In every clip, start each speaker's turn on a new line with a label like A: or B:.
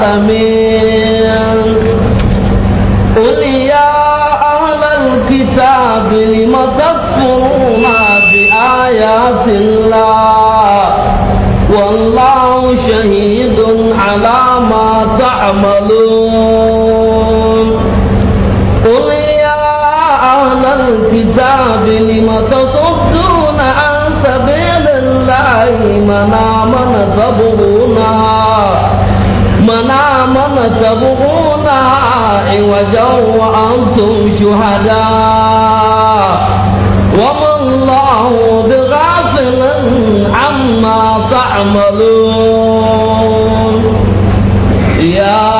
A: العالمين قل يا أهل الكتاب لم تكفرون بآيات الله والله شهيد على ما تعملون تبغون عوجا وأنتم شهداء وما الله بغافل عما تعملون يا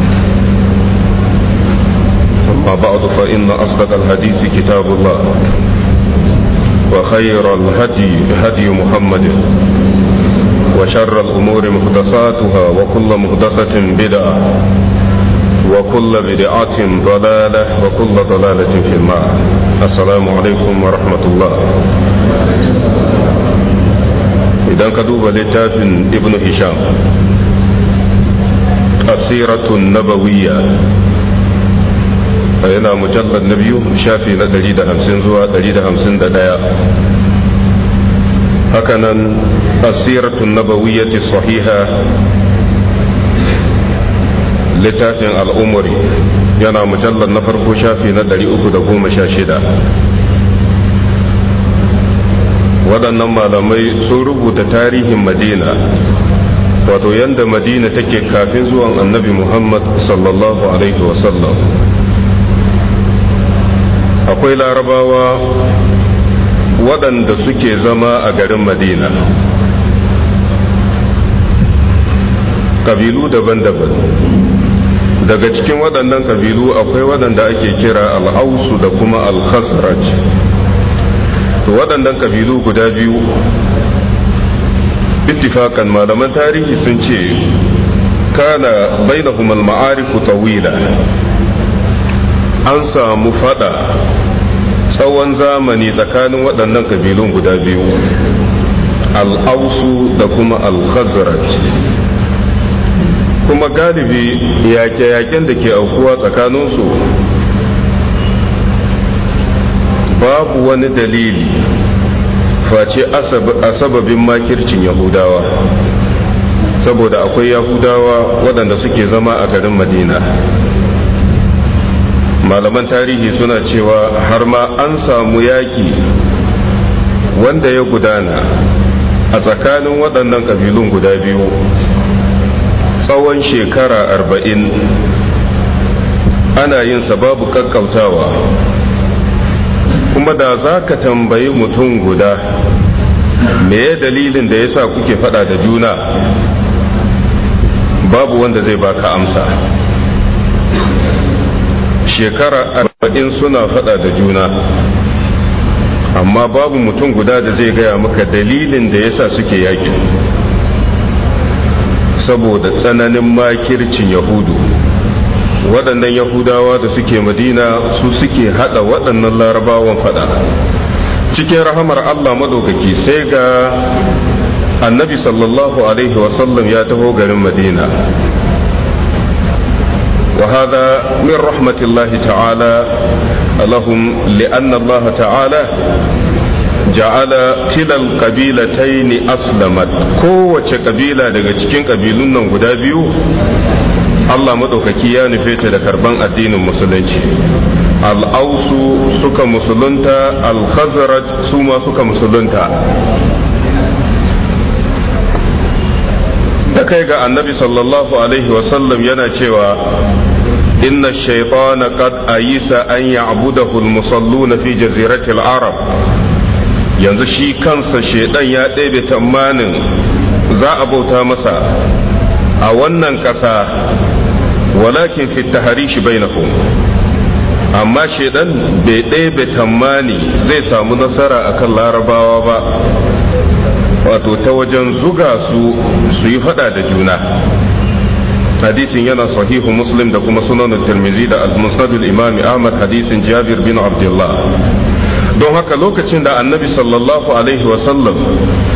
B: وبعد فإن أصدق الحديث كتاب الله وخير الهدي هدي محمد وشر الأمور مقدساتها وكل مقدسة بدعة وكل بدعة ضلالة وكل ضلالة في النار السلام عليكم ورحمة الله إذا كدوب لتاف ابن هشام السيرة النبوية yana mujallar na biyu shafi na 150 zuwa 151 hakanan asiratun na nabawiyyati sahiha littafin al'umari yana mujallar na farko shafi na 316 waɗannan malamai sun rubuta tarihin madina wato yadda madina take kafin zuwan annabi muhammad sallallahu alaihi wasallam akwai larabawa waɗanda suke zama a garin madina kabilu daban-daban daga cikin waɗannan kabilu akwai waɗanda ake kira al'ausu da kuma al-khasraj to waɗannan kabilu guda biyu ittifakan malaman tarihi sun ce kana bainahum al-ma'arif tawila an samu fada tsawon zamani tsakanin waɗannan kabilun guda biyu al'ausu da kuma al-khazraj kuma galibi yaƙe-yaƙen da ke aukuwa tsakaninsu babu wani dalili face a sababin makircin yahudawa saboda akwai yahudawa waɗanda suke zama a garin madina malaman tarihi suna cewa har ma an samu yaƙi wanda ya gudana a tsakanin waɗannan ƙabilun guda biyu tsawon shekara arba'in ana yin sababu babu kakkautawa kuma da za ka tambayi mutum guda me dalilin da ya sa kuke faɗa da juna babu wanda zai baka amsa shekara arba'in suna faɗa da juna amma babu mutum guda da zai gaya maka dalilin da yasa suke yaƙi saboda tsananin makircin yahudu waɗannan yahudawa da suke madina su suke haɗa waɗannan larabawan faɗa cikin rahamar allah maɗaukaki sai ga annabi sallallahu alaihi wasallam ya taho garin madina وهذا من رحمة الله تعالى لهم لأن الله تعالى جعل كلا القبيلتين أسلمت قوة قبيلة لغتشكين قبيلون غدابيو Allah مدوك ya nufe ta da karban addinin musulunci al'ausu suka musulunta al-khazraj suka musulunta da kai ga annabi sallallahu alaihi wasallam yana cewa إن الشيطان قد أيس أن يعبده المصلون في جزيرة العرب yanzu shi kansa shaidan ya ɗebe tamanin za a bauta masa a wannan ƙasa walakin fi taharishi bainakum amma shaidan bai ɗebe tammani zai samu nasara akan larabawa ba wato ta wajen zuga su su yi faɗa da juna hadisin yana sahihu muslim da kuma sunan tirmizi da al imami imam ahmad hadisin jabir bin abdullah don haka lokacin da annabi sallallahu alaihi wasallam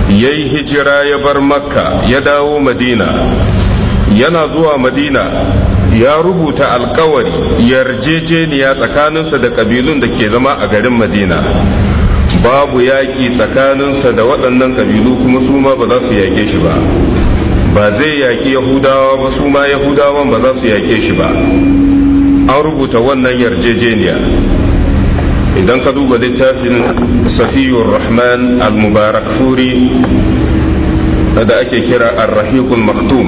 B: ya yi hijira ya bar makka ya dawo madina yana zuwa madina ya rubuta alkawari yarjejeniya tsakaninsa da kabilun da ke zama a garin madina babu yaƙi tsakaninsa da waɗannan kabilu kuma su ma ba za su yaƙe shi ba ba zai yaƙi yahudawa ba su ma yahudawan ba za su yaƙe shi ba an rubuta wannan yarjejeniya idan ka duba littafin safiyur rahman al-mubarak furi da ake kira ar-rahiqul maktum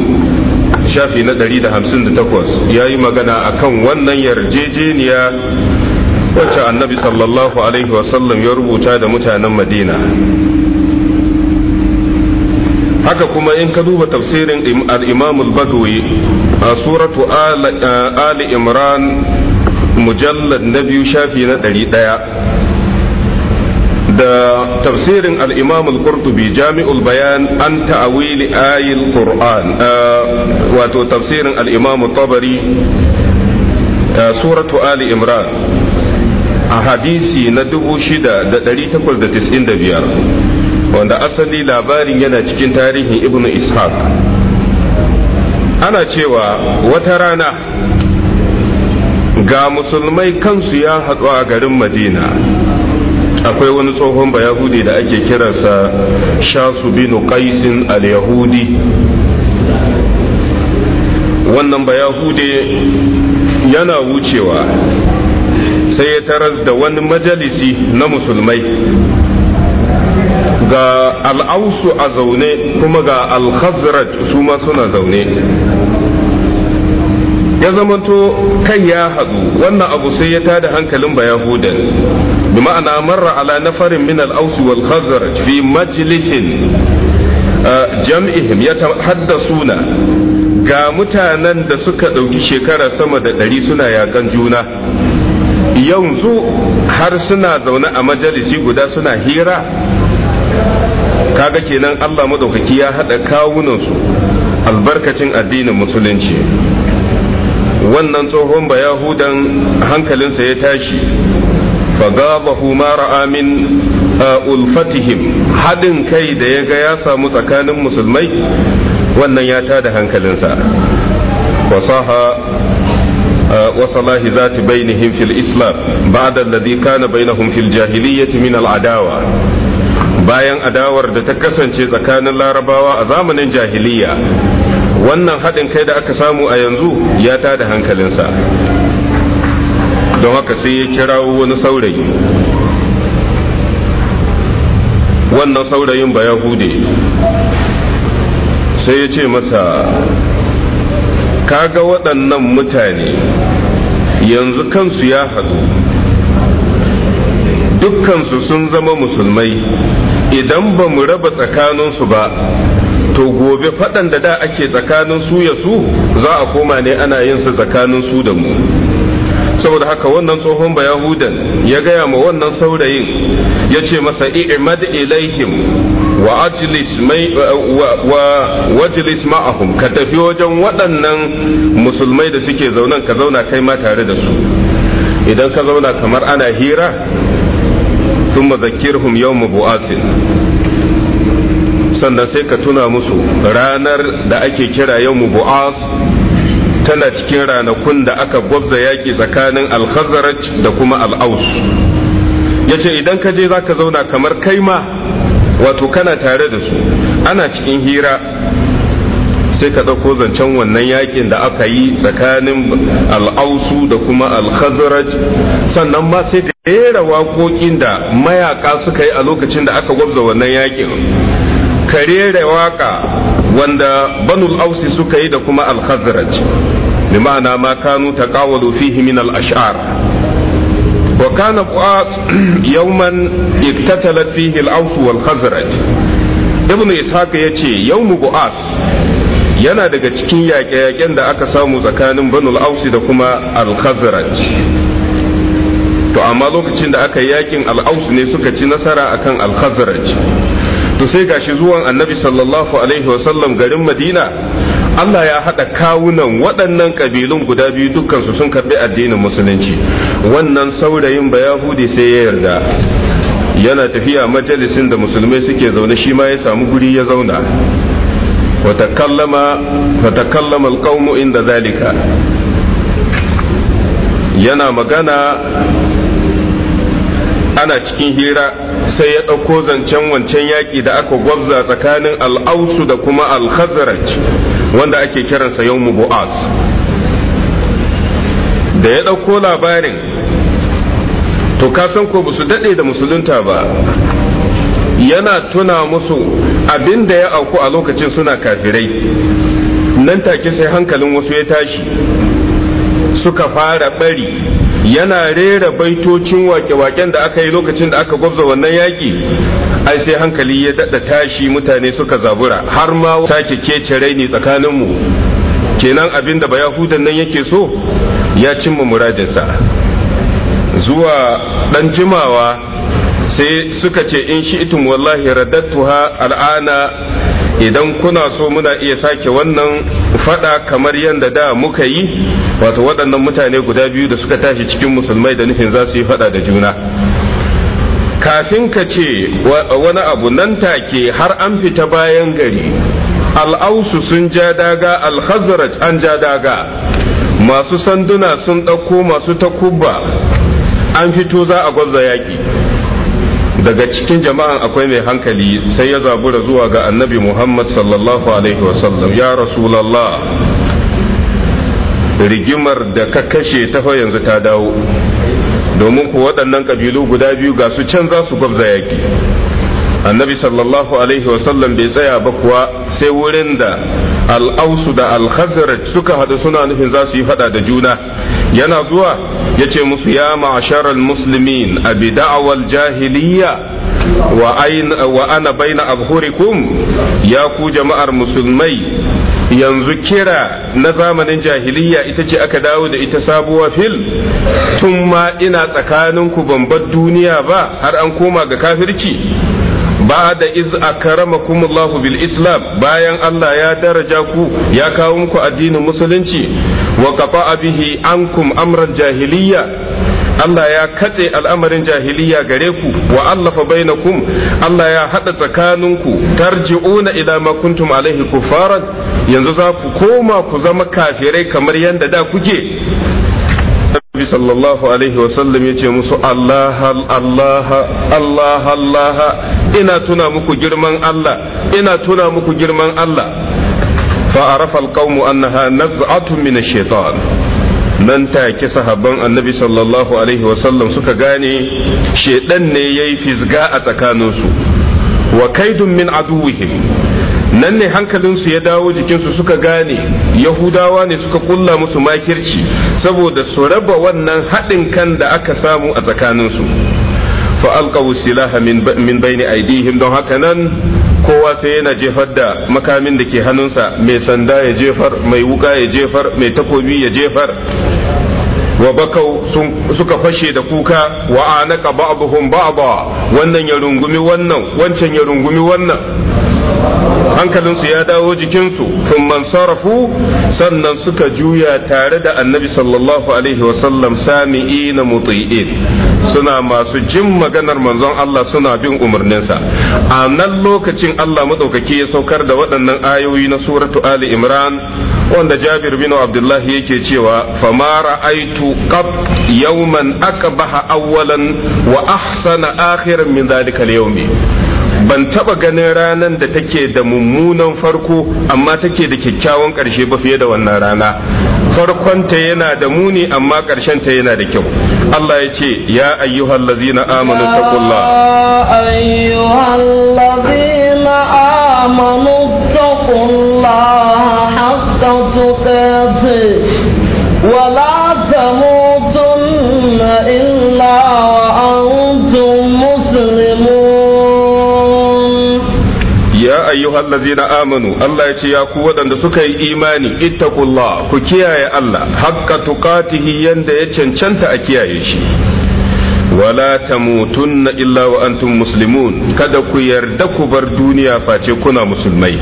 B: shafi na 158 yi magana a kan wannan yarjejeniya wacce annabi sallallahu alaihi wasallam ya rubuta da mutanen madina haka kuma in ka duba tafsirin al-imam al a suratu ali imran mujallad na biyu shafi na ɗari ɗaya da tafsirin al kurtubi al jami'ul bayan an ta'awili ayil qur'an wato tafsirin al-imam a suratu ali imran a hadisi na biyar. wanda asali labarin yana cikin tarihin ibn ishaq ana cewa wata rana ga musulmai kansu ya haɗu a garin madina akwai wani tsohon bayahudi da ake kiransa shasu binu qaisin al-yahudi wannan bayahude yana wucewa sai ya taras da wani majalisi na musulmai ga al'ausu a zaune kuma ga al-khazraj su ma suna zaune ya zamanto kai ya haɗu wannan abu sai ya tada hankalin ba yahudan bi ma'ana marra ala nafarin min al-ausi wal khazraj fi majlisin jam'ihim ya haddasuna ga mutanen da suka ɗauki shekara sama da ɗari suna yakan juna yanzu har suna zaune a majalisi guda suna hira kaga kenan Allah madaukaki ya haɗa kawunansu albarkacin addinin musulunci wannan tsohon ba yahudan hankalinsa ya tashi fagabahu ma ra'a min ah, ulfatihim haɗin kai da ya ga ya samu tsakanin musulmai wannan ya tada hankalinsa fasaha وصلاح ذات بينهم في الإسلام بعد الذي كان بينهم في الجاهلية من العداوة bayan adawar da ta kasance tsakanin larabawa a zamanin jahiliya wannan haɗin kai da aka samu a yanzu ya ta da hankalinsa don haka sai ya kirawo wani saurayi wannan saurayin ba yahude sai ya ce masa kaga waɗannan mutane yanzu kansu ya haɗu dukkansu sun zama musulmai idan ba mu raba tsakaninsu ba to gobe faɗan da da ake tsakanin su ya su za a koma ne ana yin su tsakanin su da mu saboda haka wannan tsohon ba yahudan ya gaya ma wannan saurayin ya ce masa i'mad ilaihim wa ajlis ma'ahum ka tafi wajen waɗannan musulmai da suke zaunan ka zauna kai ma tare da su idan ka zauna kamar ana hira ثم zakirhum yawm buasin sannan sai ka tuna musu ranar da ake kira yau bu'as tana cikin ranakun da aka gwabza yaƙi tsakanin alhazaraj da kuma al'ausu. Ya ce idan ka je ka zauna kamar kai ma wato kana tare da su ana cikin hira sai ka ɗauko zancen wannan yaƙin da aka yi tsakanin al'ausu da kuma alhazaraj sannan ma sai da rera waƙoƙin da mayaƙa suka yi a lokacin da aka gwabza wannan yaƙin. ka rera waƙa wanda banul ausi suka yi da kuma al-khazraj bi ma'ana ma kanu taqawalu fihi min al-ash'ar wa kana qas yawman iktatala fihi al-aus wal khazraj ibnu ishaq yace yawmu bu'as yana daga cikin yaƙe-yaƙen da aka samu tsakanin banul ausi da kuma al-khazraj to amma lokacin da aka yi yakin al-aus ne suka ci nasara akan al-khazraj to sai gashi zuwan annabi sallallahu alaihi wasallam garin madina Allah ya haɗa kawunan waɗannan ƙabilun guda biyu dukkansu sun karɓi addinin musulunci wannan saurayin bayahudi sai ya yarda yana tafiya majalisin da musulmai suke zaune shi ma ya samu guri ya zauna fatakallama alƙaunu inda zalika yana magana ana cikin hira sai ya ɗauko zancen wancan yaƙi da aka gwabza tsakanin al'ausu da kuma al wanda ake kiransa yau mu bu'as da ya ɗauko labarin to kasan ko basu daɗe da musulunta ba yana tuna musu abin da ya auku a lokacin suna kafirai nan take sai hankalin wasu ya tashi suka fara bari yana rera baitocin wake-waken da aka yi lokacin da aka gwabza wannan yaki. ai sai hankali ya daɗa tashi mutane suka zabura har ma sake kece raini tsakaninmu kenan abin da bayahudan nan yake so ya cimma muradinsa zuwa ɗan jimawa sai suka ce in shi itum wallahi raddattuha al'ana idan kuna so muna iya sake wannan fada kamar yadda da muka yi wato waɗannan mutane guda biyu da suka tashi cikin musulmai da nufin za su yi fada da juna kafin ka ce wani abu nan take har an fita bayan gari al'ausu sun ja daga Alhazarat an ja daga masu sanduna sun ɗauko masu takubba an fito za a gwazza yaƙi daga cikin jama'an akwai mai hankali sai ya zabura zuwa ga annabi muhammad sallallahu alaihi wasallam ya rasulallah rigimar da ka kashe ta yanzu ta dawo domin ku waɗannan ƙabilu guda biyu ga su can za su gwabza yaƙi annabi sallallahu alaihi wasallam bai tsaya ba kuwa sai wurin da al'ausu da al suka haɗu suna nufin za su yi faɗa da juna yana zuwa yace musu ya ma'asharal muslimin a da'awal jahiliya wa wa ana baina abhurikum ya ku jama'ar musulmai yanzu kira na zamanin jahiliya ita ce aka dawo da ita sabuwa fil tun ma ina tsakaninku ban bar duniya ba har an koma ga kafirci ba'da iz akramakum Allah bil Islam bayan Allah ya daraja ku ya kawo muku addinin musulunci wakafa qata'a bihi jahiliyya Allah ya katse al'amarin jahiliya gare ku wa allafa bainakum Allah ya hada tsakaninku tarji'una ila ma kuntum alaihi kufaran yanzu za ku koma ku zama kafirai kamar yadda da kuke Nabi sallallahu alaihi wasallam ya ce musu Allah ina tuna muku girman Allah ina tuna muku girman Allah fa arafa alqawmu annaha naz'atun min ash-shaytan take sahabban annabi sallallahu alaihi wasallam suka gane shedan ne yayi fisga a tsakaninsu wa kaidun min aduwwihim nan ne hankalinsu ya dawo jikinsu suka gane yahudawa ne suka kulla musu makirci saboda su raba wannan haɗin kan da aka samu a tsakaninsu fa'alƙawu silaha min bayni aidihim don haka nan kowa sai yana jefar da makamin da ke hannunsa mai sanda ya jefar mai wuka ya jefar mai takobi ya jefar wa bakau suka fashe da kuka wa anaka ba'dhum ba'dha wannan ya rungumi wannan wancan ya rungumi wannan hankalinsu ya dawo jikinsu sun mansarafu sannan suka juya tare da annabi sallallahu alaihi wasallam sami'ina muti'in suna masu jin maganar manzon Allah suna bin umarninsa a nan lokacin Allah maɗaukaki ya saukar da waɗannan ayoyi na suratu Ali Imran wanda Jabir bin Abdullah yake cewa famara ra'aitu qab yawman akbaha awwalan wa ahsana akhiran min dhalika al-yawmi ban taba ganin ranar da take da mummunan farko amma take da kyakkyawan karshe ba fiye da wannan rana Farkonta yana da muni amma karshen ta yana da kyau Allah ya ce ya ayyuhal ladzina amanu taqullah ayyuhal ladzina
A: amanu taqullah
B: ayyuhal amanu Allah ya ce ya ku waɗanda suka yi imani ittaqullah ku kiyaye Allah haqqa tuqatihi yanda ya cancanta a kiyaye shi wala tamutunna illa wa antum muslimun kada ku yarda ku bar duniya face kuna musulmai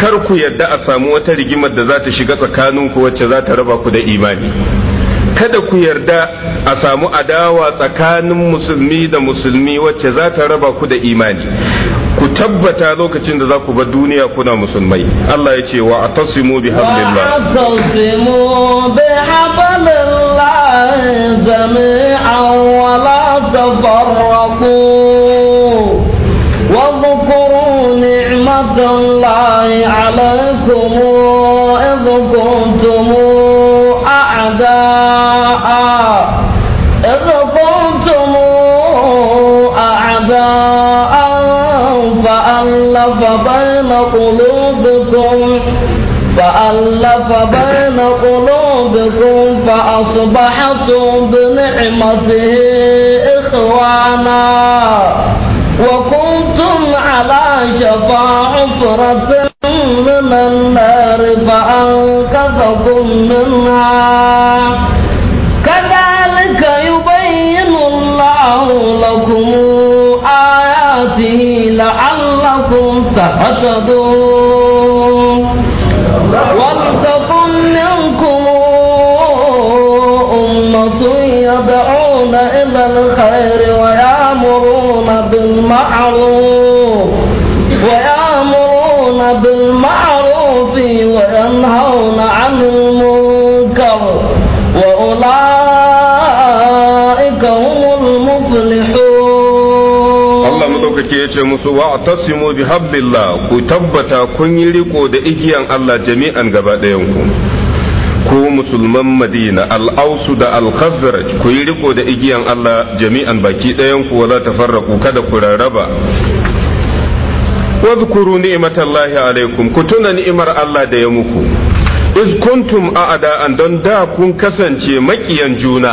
B: kar ku yarda a samu wata rigimar da za ta shiga tsakaninku wacce za ta raba ku da imani kada ku yarda a samu adawa tsakanin musulmi da musulmi wacce za ta raba ku da imani ku tabbata lokacin da za ku bar duniya kuna musulmai Allah ya ce wa atasimu bi hablillah wa
A: atasimu bi hablillah jami'an wa la tafarraqu wa dhkuru ni'matallahi بين قلوبكم فألف بين قلوبكم فأصبحتم بنعمته إخوانا وكنتم على شفا حفرة من النار فأنقذكم منها فاهتدوا ولتكن منكم أمة يدعون إلى الخير ويأمرون بالمعروف
B: su wa'tasimu bihablillah ku tabbata kun yi riko da igiyan Allah jami'an gaba ɗayan ku ku musulman madina al al'ausu da al-khazraj ku yi riko da igiyan Allah jami'an baki ɗayan ku wala tafarraku kada ku rarraba wadhkuru ni'matallahi alaikum ku tuna ni'imar Allah da ya muku iz kuntum an don da kun kasance makiyan juna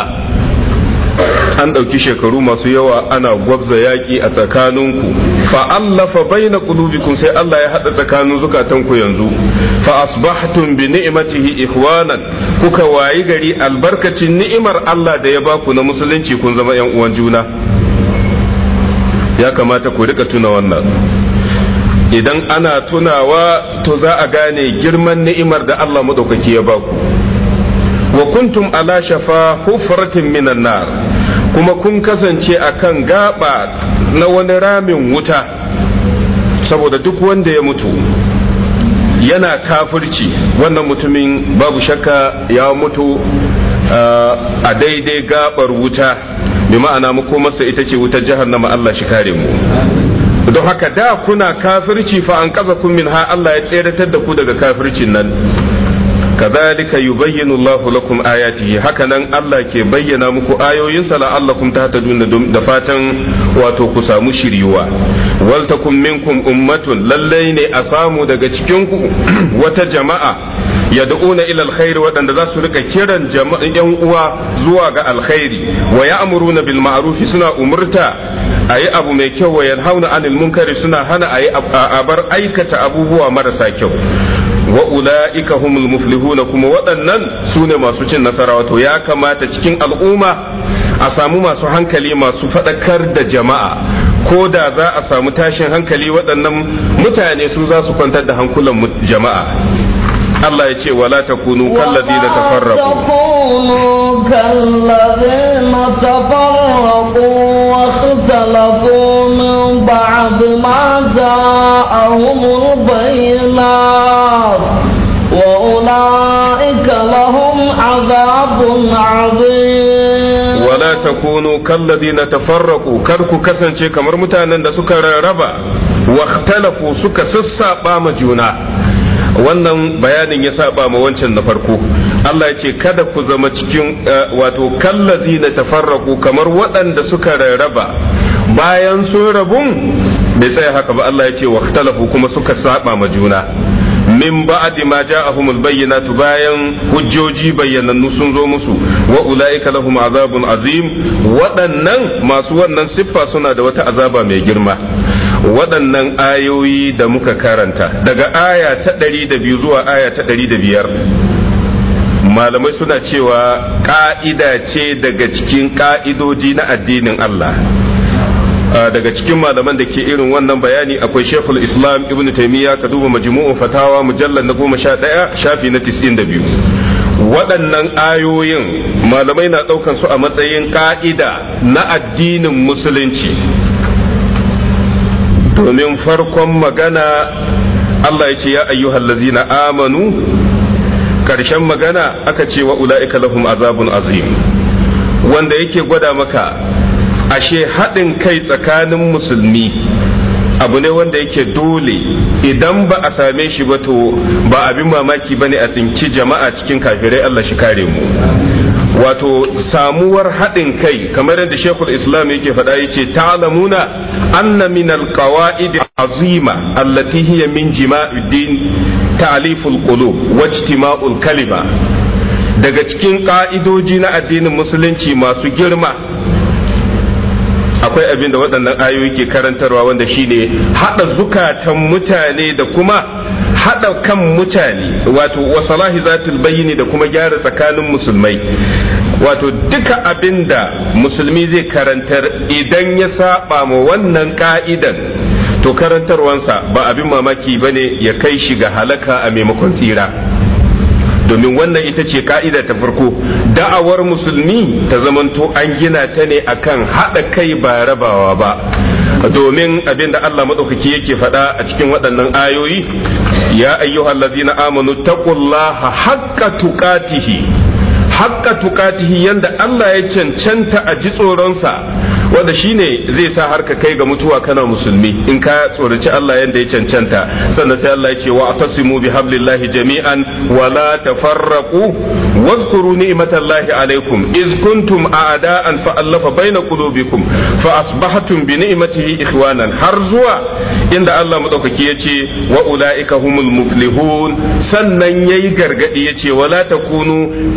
B: an ɗauki shekaru masu yawa ana gwabza yaƙi a tsakaninku fa fa bayna qulubikum sai Allah ya hada tsakanin zukatanku yanzu fa asbahtum bi ni'matihi ikhwanan kuka wayi gari albarkacin ni'imar Allah da ya baku na musulunci kun zama yan uwan juna ya kamata ku rika tuna wannan idan ana tunawa to za a gane girman ni'imar da Allah madaukaki ya baku wa kuntum ala shafa hufratin minan nar kuma kun kasance a kan gaba na wani ramin wuta saboda duk wanda ya mutu yana kafirci wannan mutumin babu shakka ya mutu a daidai gaɓar wuta bi ma'ana mu masa ita ce wutar jahannama Allah shi kare mu don haka da kuna kafirci fa an kasa kun min ha Allah ya tseratar da ku daga kafircin nan kadhalika yubayyinu Allahu lakum ayatihi hakanan Allah ke bayyana muku ayoyin ayoyinsa la'allakum tahtadun da fatan wato ku samu shiriwa wal takum minkum ummatun lallai ne a samu daga cikin ku wata jama'a yad'una ila alkhair wadanda za su rika kiran yan uwa zuwa ga alkhairi wa ya'muruna bil ma'ruf suna umurta yi abu mai kyau wa yanhauna anil munkari suna hana a bar aikata abubuwa marasa kyau wa ula'ika muflihu muflihuna kuma waɗannan su ne masu cin nasara wato ya kamata cikin al'umma a samu masu hankali masu faɗakar da jama'a ko da za a samu tashin hankali waɗannan mutane su za su kwantar da hankulan jama'a Allah ya ce wala takunu kallazina tafarraqu
A: wala takunu عظيم
B: ولا تكونوا كالذين تفرقوا كركو كسن شيء كمر متانا سكا ربا واختلفوا سكا سسا بام جونا wannan bayanin ya saba ma wancan na farko Allah ya ce kada ku zama cikin eh, wato kallazi na tafarraku kamar waɗanda suka rarraba bayan sun rabun bai tsaya haka ba Allah ya ce wa kuma suka saba ma juna min ba'di ma ja'ahumul bayyinatu bayan hujjoji bayyanannu sun zo musu wa ulaika lahum azabun azim waɗannan masu wannan siffa suna da wata azaba mai girma waɗannan ayoyi da muka karanta daga aya ta 102 zuwa aya ta 105 malamai suna cewa ƙa'ida ce daga cikin ƙa'idoji na addinin Allah daga cikin malaman da ke irin wannan bayani akwai shekul islam ibn taimiyya ka duba majmu'un fatawa mujallar na goma sha ɗaya shafi na tis'in da biyu waɗannan ayoyin malamai na ɗaukan su a matsayin ƙa'ida na addinin musulunci domin farkon magana Allah ya ce ya na amanu ƙarshen magana aka ce wa ula'ika lahum azabun azim wanda yake gwada maka ashe haɗin kai tsakanin musulmi abu ne wanda yake dole idan ba a same shi ba to ba abin mamaki ba ne a tsinci jama'a cikin kafirai Allah shi kare mu wato samuwar haɗin kai kamar yadda shekul islam yake faɗa yace ta'lamuna anna min alqawaid azima allati hiya min jima'id din ta'liful qulub ijtima'ul kalima daga cikin ka'idoji na addinin musulunci masu girma akwai abin da waɗannan ayoyi ke karantarwa wanda shine haɗa zukatan mutane da kuma haɗa kan mutane wato wasalahi zatul bayyini da kuma gyara tsakanin musulmai wato duka abin da musulmi zai karantar idan ya saba ma wannan ka'idan to karantarwansa ba abin mamaki bane ya kai shi ga halaka a maimakon tsira domin wannan ita ce ka'ida ta farko da'awar musulmi ta zamanto an gina ta ne akan haɗa kai ba rabawa ba domin abinda Allah maɗaukaki yake faɗa a cikin waɗannan ayoyi ya ayyuhal ladzina amanu taqullaha haqqa tuqatihi haqqa tuqatihi yanda Allah ya cancanta a ji tsoronsa wanda shine zai sa har ka kai ga mutuwa kana musulmi in ka tsoraci Allah yanda ya cancanta sannan sai Allah ya ce wa atasimu bi hablillahi jami'an wa la tafarraqu واذكروا alaikum الله عليكم إذ كنتم أعداء فألف بين قلوبكم فأصبحتم بنعمته إخوانا har zuwa inda Allah ya yace wa ulaika humul muflihun sannan yayi gargadi yace wala takunu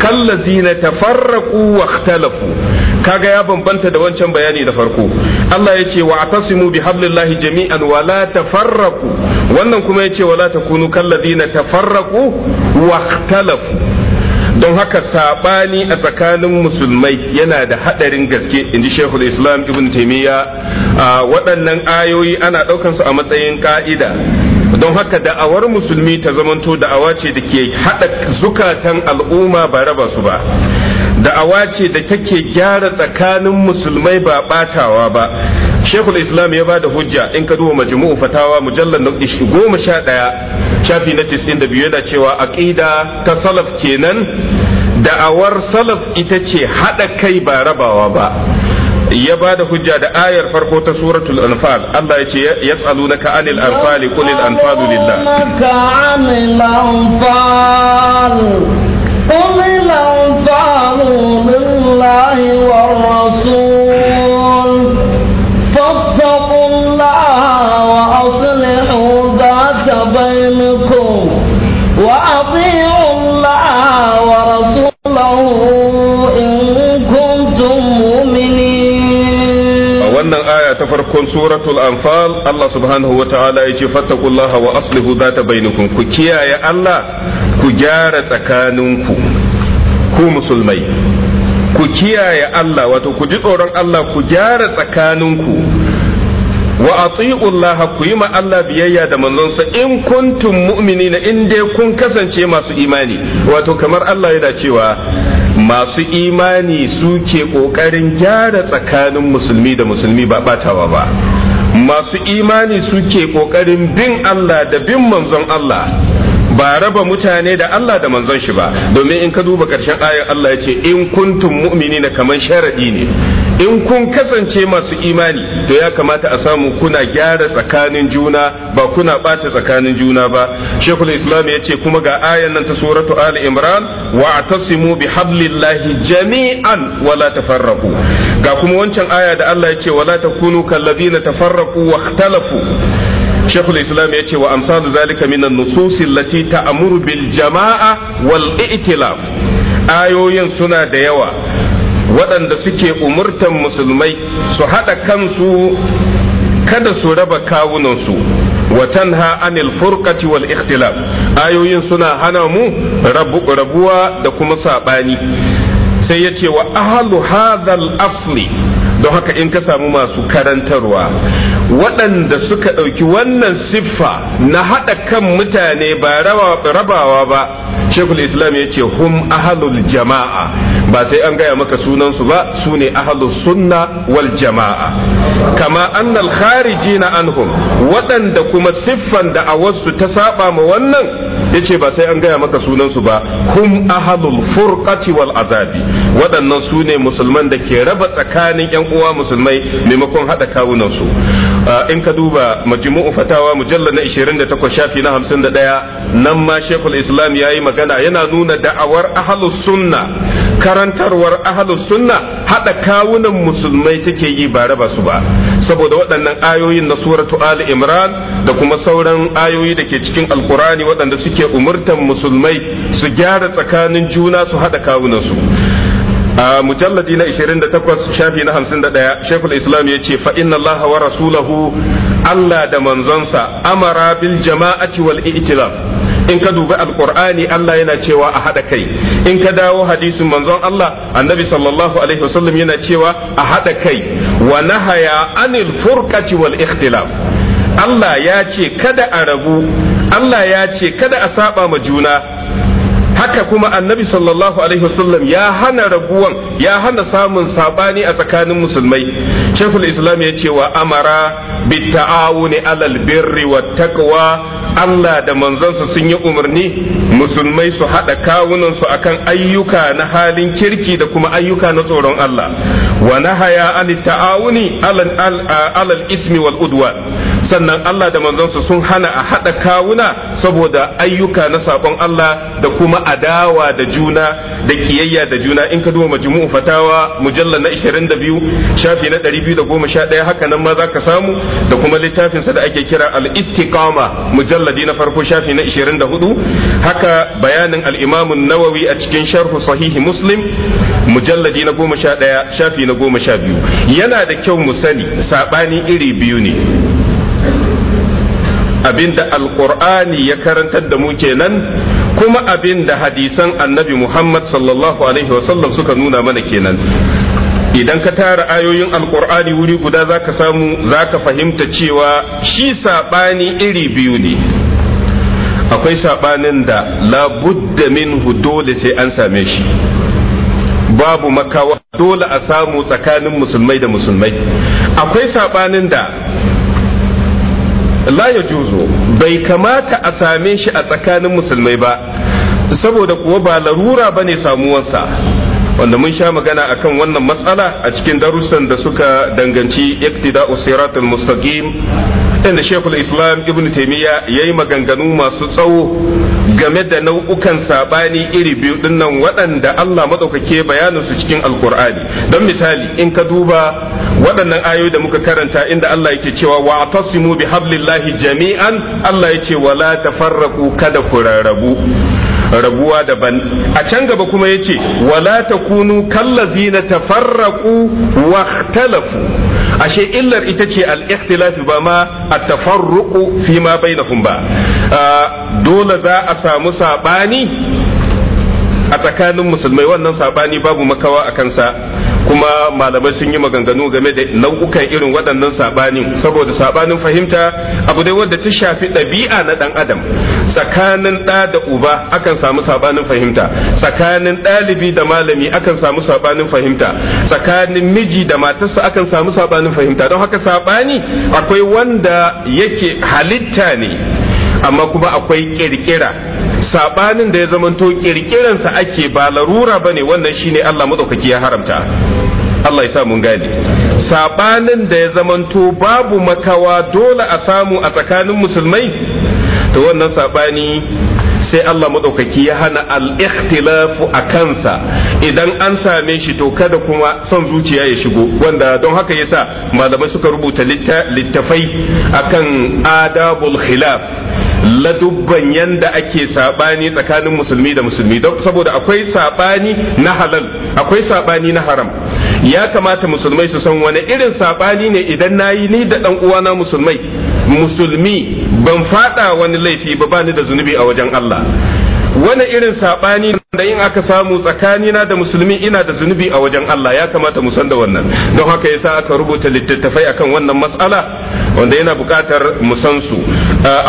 B: ta tafarraqu wa ikhtalafu kaga ya bambanta da wancan bayani da farko Allah yace wa bi bihablillahi jami'an wala la wannan kuma yace wala takunu kallazina tafarraqu wa ikhtalafu don haka sabani a tsakanin musulmai yana da hadarin gaske inji shekul islam ibn taimiyya ah, waɗannan ayoyi ana ɗaukansu a matsayin ka'ida don haka da'awar musulmi ta zamanto da'awa ce da ke haɗa zukatan al'umma ba raba su ba da'awa ce da take gyara tsakanin musulmai ba batawa ba shekul islam ya ba da hujja in ka duba majmu'u fatawa mujallar na goma sha ɗaya shafi na tisin da biyu yana cewa aƙida ta salaf kenan da'awar salaf ita ce haɗa kai ba rabawa ba ya ba da hujja da ayar farko ta suratul anfal Allah ya ce yas'alunaka anil anfal qul al anfal lillah
A: anil anfal qul al lillahi war rasul
B: aya ta farkon suratul anfal Allah subhanahu wa ta'ala ya ce fattakullaha wa aslihu zata bainakum ku kiyaye Allah ku gyara tsakaninku ku musulmai ku kiyaye Allah wato ku ji tsoron Allah ku gyara tsakaninku wa atiullaha ku yi ma Allah biyayya da manzonsa in kuntum mu'minina in dai kun kasance masu imani wato kamar Allah yana cewa masu imani suke kokarin gyara tsakanin musulmi da musulmi ba batawa ba masu imani suke kokarin bin Allah da bin manzon Allah ba raba mutane da Allah da manzon shi ba domin in ka duba karshen ayar Allah ya ce in kuntum mu'minina kamar sharadi ne in kun kasance masu imani to ya kamata a samu kuna gyara tsakanin juna ba kuna bata tsakanin juna ba shekul islam ya ce kuma ga ayan nan ta suratu ali imran wa atasimu bi hablillahi jami'an wala tafarraqu ga kuma wancan aya da Allah ya ce wala takunu kallazina tafarraqu wa ikhtalafu shekul islam ya ce wa amsalu zalika minan nususi allati ta'muru bil jama'a wal i'tilaf ayoyin suna da yawa waɗanda suke umurtan musulmai su haɗa kansu kada su raba kawunansu wa tanha anil furqati wal ikhtilaf ayoyin suna hana mu rabuwa da kuma saɓani. sai ya ce wa ahlu hadhal asli don haka in ka samu masu karantarwa waɗanda suka ɗauki wannan siffa na haɗa kan mutane ba rabawa ba shekul islam ya ce hum ahalul jama'a ba sai an gaya maka sunansu ba su ne ahlus sunna wal jama'a kama annal kharijina anhum waɗanda kuma siffan da awarsu ta saba ma wannan yace ba sai an gaya maka sunansu ba hum ahlul furqati wal azabi waɗannan su ne musulman da ke raba tsakanin yan uwa musulmai maimakon haɗa kawunansu Uh, in ka duba majmu'u fatawa mujallal na 28 shafi na 51 nan ma shekul islam yayi magana yana nuna da'awar ahlus sunna karantarwar ahlus sunna hada kawunan musulmai take yi ba raba su ba saboda waɗannan ayoyin na suratu ali imran da kuma sauran ayoyi da ke cikin alkurani waɗanda suke umurtan musulmai su gyara tsakanin juna su hada kawunan su a mujalladi na 28 shafi na 51 shekul islam ya ce fa'in Allah wa rasulahu Allah da manzonsa amara bil jama'ati wal i'tilaf in ka dubi alqur'ani Allah yana cewa a haɗa kai in ka dawo hadisin manzon Allah annabi sallallahu alaihi wasallam yana cewa a haɗa kai wa nahaya anil furqati wal ikhtilaf Allah ya ce kada a rabu Allah ya ce kada a saba ma juna haka kuma annabi sallallahu alaihi wasallam ya hana rabuwan ya hana samun sabani a tsakanin musulmai shekul islam ya ce wa amara bi ta'awuni alal birri wa taqwa Allah da manzonsa sun yi umarni musulmai su haɗa su akan ayyuka na halin kirki da kuma ayyuka na tsoron Allah wa nahaya an ta'awuni alal ismi wal udwan sannan Allah da manzonsa sun hana a haɗa kawuna saboda ayyuka na saƙon Allah da kuma adawa da juna da kiyayya da juna in ka duba majmu'u fatawa mujallal na 22 shafi na 211 haka nan ma za ka samu da kuma littafin sa da ake kira al-istiqama mujalladi na farko shafi na 24 haka bayanin al-imam an-nawawi a cikin sharhu sahihi muslim mujalladi na 11 shafi na 12 yana da kyau mu sani sabani iri biyu ne abinda alqur'ani ya karantar da mu kenan kuma abinda hadisan annabi Muhammad sallallahu alaihi wasallam suka nuna mana kenan idan ka tara ayoyin alqur'ani wuri guda zaka samu zaka fahimta cewa shi saɓani iri biyu ne akwai sabanin da labudda minhu dole sai an same shi babu makawa dole a samu tsakanin musulmai da musulmai akwai sabanin da la ya juzo bai kamata a same shi a tsakanin musulmai ba saboda kuwa ba larura ba ne samuwarsa wanda mun sha magana akan wannan matsala a cikin darussan da suka danganci iktida'u siratul mustaqim inda shekul islam ibn taimiyya ya yi maganganu masu tsawo game da nau'ukan sabani iri biyu dinnan waɗanda Allah maɗaukake bayaninsu cikin alkur'ani don misali in ka duba waɗannan ayoyi da muka karanta inda Allah yake cewa wa atasimu bi hablillahi jami'an Allah yace wala tafarraqu kada ku rarrabu rabuwa daban a can gaba kuma yace wala ta kallazi na tafarraqu wa ikhtalafu ashe illar ita ce al-ikhtilafi ba ma a tafarruku fi ma bainahum ba ah, dole za a samu saɓani a tsakanin musulmai wannan saɓani babu makawa a kansa kuma malamai sun yi maganganu game da nau'ukan irin waɗannan sabanin saboda sabanin fahimta abu dai wanda ta shafi ɗabi'a na ɗan adam tsakanin ɗa da uba akan samu sabanin fahimta tsakanin ɗalibi da malami akan samu sabanin fahimta tsakanin miji da matarsa akan samu sabanin fahimta don haka sabani akwai wanda yake halitta ne amma kuma akwai kirkira sabanin da ya zamanto kirkiransa ake ba larura bane wannan shine Allah madaukaki ya haramta Allah ya sa mun gane sabanin da ya zamanto babu makawa dole a samu a tsakanin musulmai to wannan sabani sai Allah maɗaukaki ya hana al-ikhtilafu a kansa idan an same shi to kada kuma son zuciya ya shigo wanda don haka yasa malamai suka rubuta littafai akan adabul khilaf ladubban yanda ake sabani tsakanin musulmi da musulmi saboda akwai sabani na halal akwai sabani na haram ya kamata musulmai su san wani irin sabani ne idan na yi ni da dan uwana musulmai musulmi ban fada wani laifi ba bani da zunubi a wajen Allah wani irin saɓani da in aka samu tsakanina da musulmi ina da zunubi a wajen Allah ya kamata mu san da wannan don haka yasa aka rubuta littattafai akan wannan mas'ala wanda yana buƙatar mu san su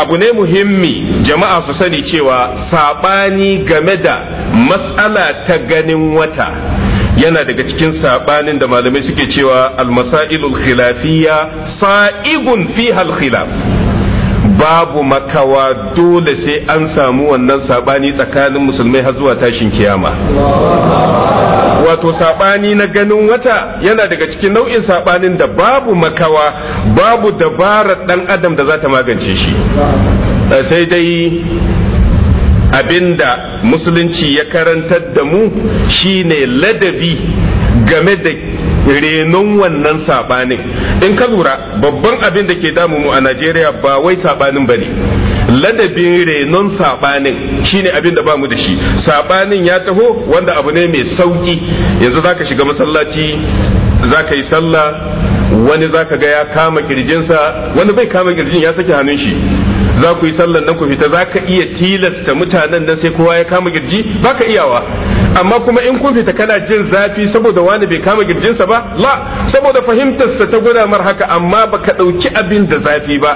B: abu ne muhimmi jama'a su sani cewa saɓani game da mas'ala ta ganin wata yana daga cikin saɓanin da malamai suke cewa al-masailul khilafiyya sa'ibun fiha al-khilaf babu makawa dole sai an samu wannan sabani tsakanin musulmai har zuwa tashin kiyama wato sabani na ganin wata yana daga cikin nau'in sabanin da babu makawa babu dabarar dan adam da za ta magance shi sai dai abinda musulunci ya karantar da mu shine ladabi game da renon wannan sabanin in ka lura babban abin da ke damu mu a Najeriya ba wai sabanin ba ne. ladabin renon sabanin shine abin da bamu da shi sabanin ya taho wanda abu ne mai sauki yanzu zaka shiga masallaci zaka yi sallah wani zaka ga ya kama kirjinsa wani bai kama kirjin ya saki hannun shi za ku yi sallar nan ku fita za ka iya tilasta mutanen nan sai kowa ya kama girji ba ka iyawa amma kuma in kun fita kana jin zafi saboda wani bai kama girjinsa ba la saboda fahimtarsa ta gwada mar haka amma ba ka ɗauki abin da zafi ba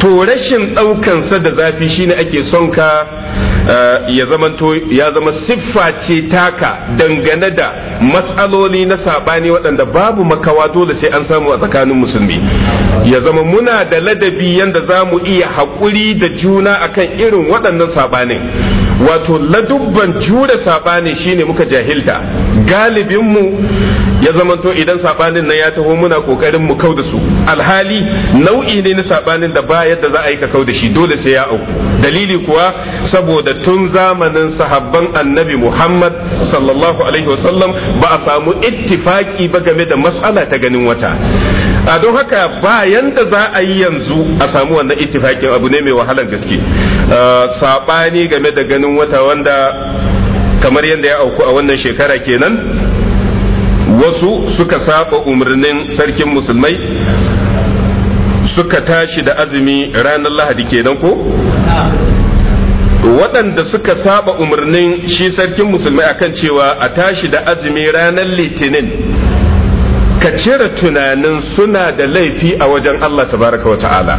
B: to rashin ɗaukansa da zafi shine ake son ka Eh, ya ya zama siffa ce taka dangane da matsaloli na sabani waɗanda babu makawa dole sai an samu a tsakanin musulmi ya zama muna da ladabi yanda za mu iya haƙuri da juna akan irin waɗannan sabanin wato ladubban jure sabani shine muka jahilta galibinmu ya zamanto idan sabanin na ya taho muna kokarin mu kau da su alhali nau'i ne na sabanin da ba yadda za a yi ka kau da shi dole sai ya auku dalili kuwa saboda tun zamanin sahabban annabi Muhammad sallallahu alaihi wasallam ba a samu ittifaki ba game da mas'ala ta ganin wata a don haka bayan da za a yi yanzu a samu wannan ittifakin abu ne mai wahalar gaske uh, saɓani game da ganin wata wanda kamar yadda ya auku a wannan shekara kenan wasu suka saba umarnin sarkin musulmai suka tashi da azumi ranar lahadi kenan ko waɗanda suka saba umarnin shi sarkin musulmai akan cewa a tashi da azumi ranar litinin ka cire tunanin suna da laifi a wajen Allah tabaraka wa ta'ala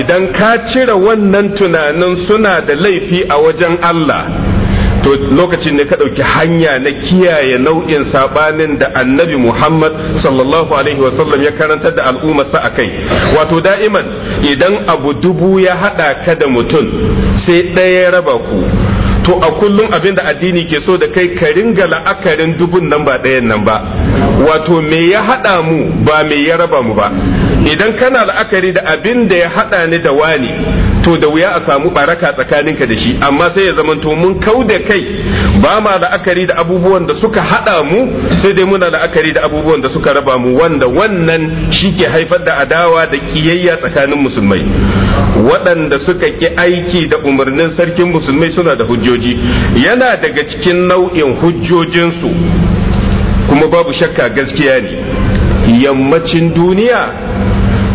B: idan ka cire wannan tunanin suna da laifi a wajen Allah to lokacin ne ka ɗauki hanya na kiyaye nau'in sabanin da annabi muhammad sallallahu alaihi wasallam ya karantar da al'ummarsa a kai wato da'iman idan abu dubu ya haɗa ka da mutum sai ɗaya ya raba ku to a kullum abinda addini ke so da kai ka ringa la'akarin dubun nan ba ɗayan nan ba wato me ya haɗa mu ba me ya raba mu ba idan kana la'akari da abin da ya haɗa ni da wani to da wuya a samu baraka tsakaninka da shi amma sai ya zamanto mun kau da kai ba ma la'akari da abubuwan da suka haɗa mu sai dai muna la'akari da abubuwan da suka raba mu wanda wannan shi ke haifar da adawa da kiyayya tsakanin musulmai waɗanda suka ki aiki da umarnin sarkin musulmai suna da hujjoji yana daga cikin nau'in hujjojinsu kuma babu shakka gaskiya ne yammacin duniya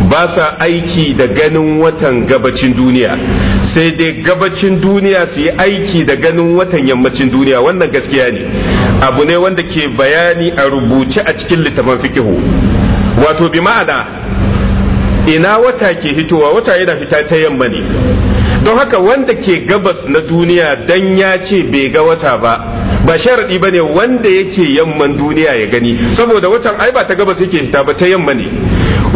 B: ba sa aiki da ganin watan gabacin duniya sai dai gabacin duniya su yi aiki da ganin watan yammacin duniya wannan gaskiya ne abu ne wanda ke bayani a rubuce a cikin littafin fikihu wato bi ma'ana ina wata ke hitowa wata yana fita ta yamma ne don haka wanda ke gabas na duniya dan ya ce bai ga wata ba ba sharadi bane wanda yake yamman duniya ya gani saboda watan ai ba ta gabas yake fita ba ta yamma ne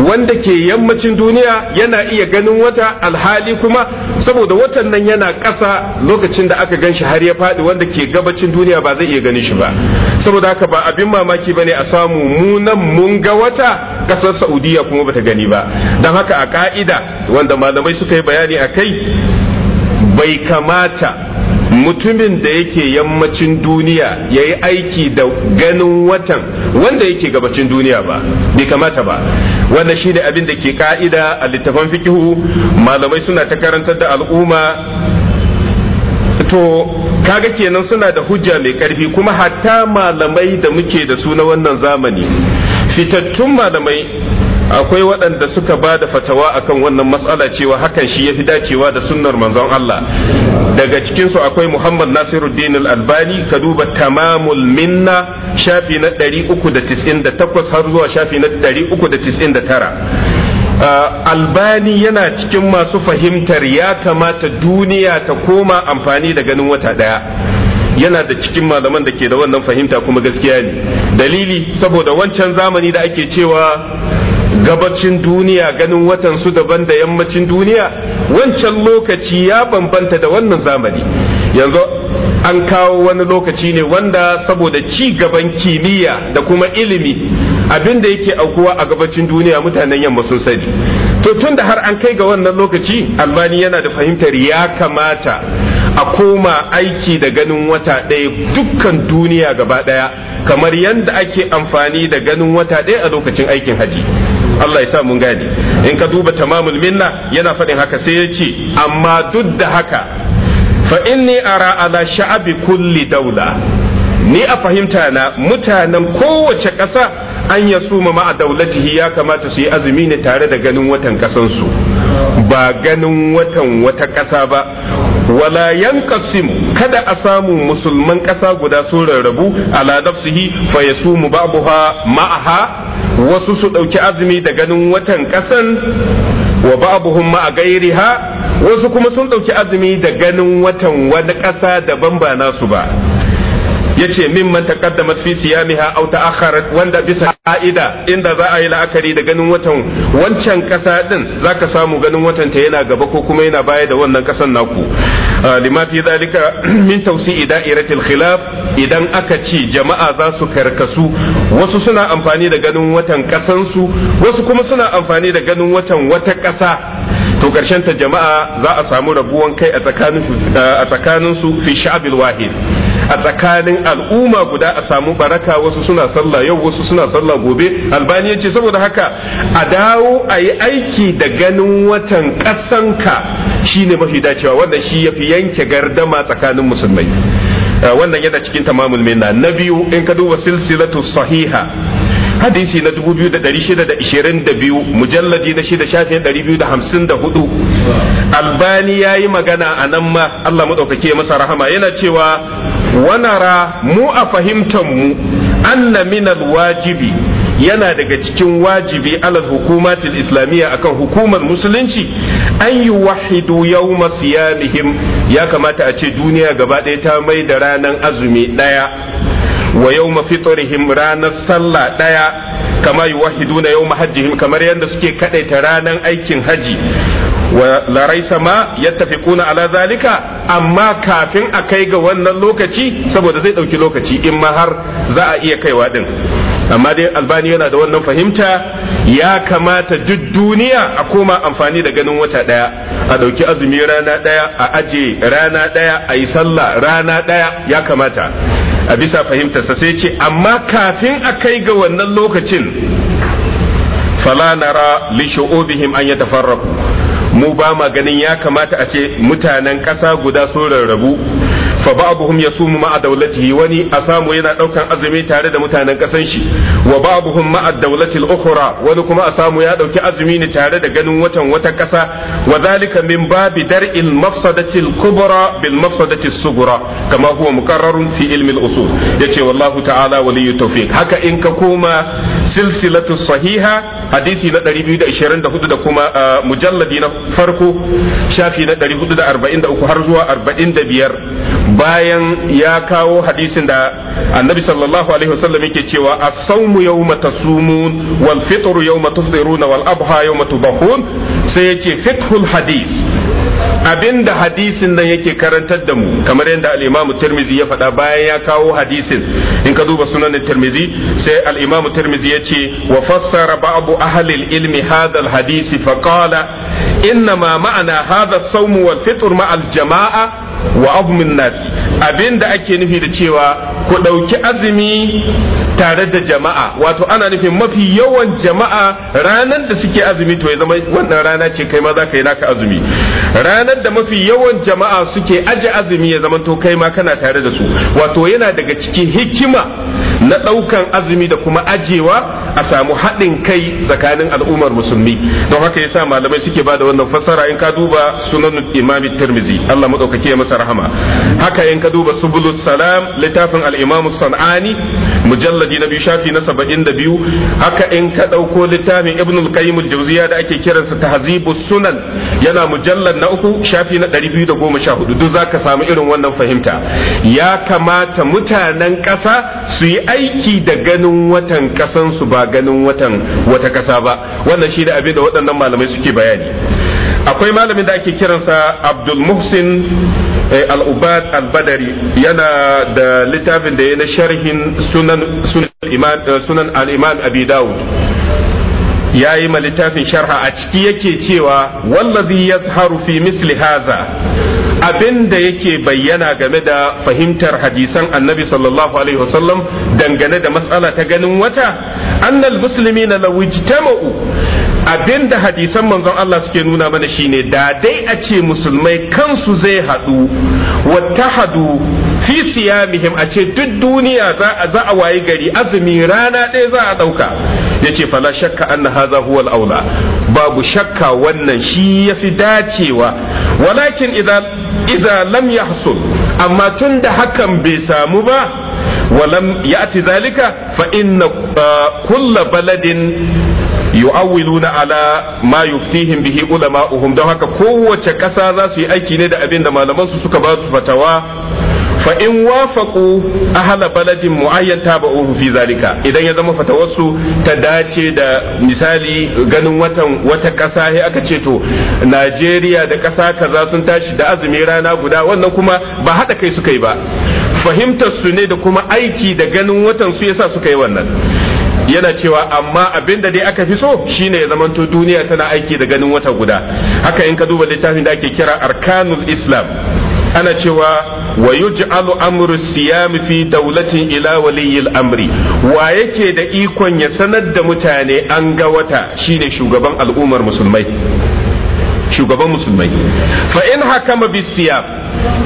B: wanda ke yammacin duniya yana iya ganin wata alhali kuma saboda watan nan yana ƙasa lokacin da aka gan shi har ya faɗi wanda ke gabacin duniya ba zai iya ganin shi ba saboda haka ba abin mamaki ba ne a samu munan mun ga wata ƙasar saudiya kuma bata gani ba don haka a ka'ida wanda malamai suka yi bayani a kai bai kamata mutumin da yake yammacin duniya ya yi aiki da ganin watan wanda yake gabacin duniya ba bai kamata ba wanda shi ne abin da ke ka'ida a littafan fikihu malamai suna ta karantar da al'umma to kaga kenan suna da hujja mai karfi kuma hatta malamai da muke da su na wannan zamani fitattun malamai akwai waɗanda suka ba da fatawa akan wannan matsala cewa hakan shi ya fi dacewa da sunnar manzon Allah daga cikinsu akwai Muhammad Nasiruddin Al-Albani ka duba tamamul minna shafi na 398 har zuwa shafi na 399 albani yana cikin masu fahimtar ya kamata duniya ta koma amfani da ganin wata ɗaya. yana da cikin malaman da ke da wannan fahimta kuma gaskiya ne dalili saboda wancan zamani da ake cewa gabacin duniya ganin watan su daban da yammacin duniya wancan lokaci ya bambanta da wannan zamani yanzu an kawo wani lokaci ne wanda saboda ci gaban kimiyya da kuma ilimi abin da yake aukuwa a gabacin duniya mutanen yamma sun sani to tun da har an kai ga wannan lokaci albani yana da fahimtar ya kamata a koma aiki da ganin wata ɗaya dukkan duniya gaba ɗaya kamar yadda ake amfani da ganin wata ɗaya a lokacin aikin haji Allah ya sa mun gane in ka duba tamamul minna yana faɗin haka sai ya ce amma duk da haka fa inni ara ala sha'abi kulli daula ni a fahimta na mutanen kowace ƙasa an ya suma ma a daulatihi ya kamata su yi azumi ne tare da ganin watan kasansu ba ganin watan wata kasa ba wala simu. kada a samu musulman kasa guda sun rarrabu ala nafsihi fa babu ha ma'aha wasu su ɗauki azumi da ganin watan kasan wa ba'abuhum ma ha wasu kuma sun ɗauki azumi da ganin watan wani ƙasa daban ba nasu ba yace mimman taqaddamat fi siyamiha aw ta'akhkharat wanda bisa ka'ida inda za a yi la'akari da ganin watan wancan kasa din zaka samu ganin watan ta yana gaba ko kuma yana baya da wannan kasan naku ah, lima fi zalika min tawsi'i da'iratil khilaf idan aka ce jama'a za su karkasu wasu suna amfani da ganin watan kasan su wasu kuma suna amfani da ganin watan wata kasa to karshen ta jama'a za a samu rabuwan kai a tsakanin su fi sha'abil wahid a tsakanin al'umma guda a samu baraka wasu suna sallah yau wasu suna sallah gobe albani ya ce saboda haka a dawo a yi aiki da ganin watan ƙasanka shine mafi dacewa wanda shi ya fi yanke gardama tsakanin musulmai uh, wannan yana cikin tamamul minna na biyu in ka duba silsilatu sahiha hadisi na 2622 mujallaji na shida shafin 254 albani ya yi magana a nan ma Allah maɗaukaki masa rahama yana cewa wanara mu a fahimtar mu anna wajibi yana daga cikin wajibi alal hukumatul islamiyya akan hukumar musulunci an yi wahidu yau siyamihim ya kamata a ce duniya gaba ɗaya ta mai da ranar azumi ɗaya wa yawma fitrihim ranar sallah daya kama yuwahiduna yawma hajjihim kamar yadda suke kadaita ranar aikin haji wa ya ma yattafiquna ala zalika amma kafin a kai ga wannan lokaci saboda zai ɗauki lokaci in ma har za a iya kaiwa din amma dai albani yana da wannan fahimta ya kamata duk duniya a koma amfani da ganin wata ɗaya a ɗauki azumi rana ɗaya a aje rana ɗaya a yi sallah rana ɗaya ya kamata a bisa fahimtarsa sai ce amma kafin a kai ga wannan lokacin fala nara li shu'ubihim an yatafarraqu mu ba ma ganin ya kamata a ce mutanen ƙasa guda sun rarrabu fa ba'dhum yasumu ma'a dawlatihi wani a samu yana daukan azumi tare da mutanen kasan shi wa ba'dhum ma'a dawlati al-ukhra wani kuma a samu ya ɗauki azumi ne tare da ganin watan wata ƙasa wazalika min babi dar'il mafsadati al-kubra bil mafsadati as-sughra kama huwa muqarrarun fi ilmi al-usul yace wallahu ta'ala waliyyu tawfiq haka in ka koma silsilatu sahiha hadisi na 224 da kuma ah, mujalladi na farko shafi na 443 har zuwa 45 bayan ya kawo hadisin da annabi sallallahu alaihi wasallam yake cewa as-sawmu yawma tasumun wal fitru yawma tufṭiruna wal abha yawma tubahun sai yake fiqhul hadis abinda hadisin nan yake karantar da mu kamar yadda al-Imam ya faɗa bayan ya kawo hadisin in ka duba sunan tirmizi sai al-Imam Tirmidhi ya ce wa fassara ba'du ahli al-ilmi hadha al-hadis fa qala inna ma ma'ana hadha as-sawm wal fitr al-jama'a wa azmin nas abin da ake nufi da cewa ku ɗauki azumi tare da jama'a wato ana nufin mafi yawan jama'a ranar da suke azumi to ya zama wannan rana ce kai ma za ka yi naka azumi ranar da mafi yawan jama'a suke aje azumi ya zama to kai ma kana tare da su wato yana daga cikin hikima na ɗaukan azumi da kuma ajewa a samu haɗin kai tsakanin al'ummar musulmi don haka yasa malamai suke ba da wannan fassara in ka duba sunan imami tirmizi Allah madaukake ya masa masa rahama haka in ka duba subulus salam littafin al-imam sanani mujalladi na biyu shafi na biyu haka in ka dauko littafin ibn al-qayyim al-jawziya da ake kiransa tahzibus sunan yana mujallad na uku shafi na hudu duk zaka samu irin wannan fahimta ya kamata mutanen ƙasa su yi aiki da ganin watan ƙasansu ba ganin watan wata ƙasa ba wannan shi da abin da waɗannan malamai suke bayani akwai malamin da ake kiransa abdul muhsin eh, al-ubad al-badari yana da littafin da ya na sharhin eh, sunan al-imam abi dawud ya yi ma littafin sharha a ciki yake cewa wallazi yazharu fi misli haza abin da yake bayyana game da fahimtar hadisan annabi sallallahu alaihi wasallam dangane da matsala ta ganin wata annal muslimina law ijtama'u abinda hadisan manzon Allah suke nuna mana shine da dai a ce musulmai kansu zai haɗu wattahadu fi siyamihim a ce duk duniya za a wayi gari azumi rana ɗaya za a ɗauka yace fala shakka anna haza huwa aula babu shakka wannan shi yafi dacewa walakin idan idza lam yahsul amma da hakan bai samu ba ولم zalika fa inna كل uh, baladin yu'awwiluna ala ma yuftihim bihi ulama'uhum don haka kowace ƙasa za su yi aiki ne da abin da malaman su suka ba su fatawa fa in wafaqu ahla baladin mu'ayyan taba'uhu fi zalika idan ya zama fatawarsu ta dace da misali ganin watan wata ƙasa sai aka ce to Najeriya da ƙasa kaza sun tashi da azumi rana guda wannan kuma ba haɗa kai suka yi ba fahimtar su ne da kuma aiki da ganin watan su yasa suka yi wannan yana cewa amma abin da dai aka fi so shine ya zamanto duniya tana aiki da ganin wata guda haka in ka duba littafin da ake kira arkanul islam ana cewa wa yuj'alu amru siyami fi dawlatin ila waliyil amri wa yake da ikon ya sanar da mutane an ga wata shine shugaban al'ummar musulmai shugaban musulmai fa in hakama siyam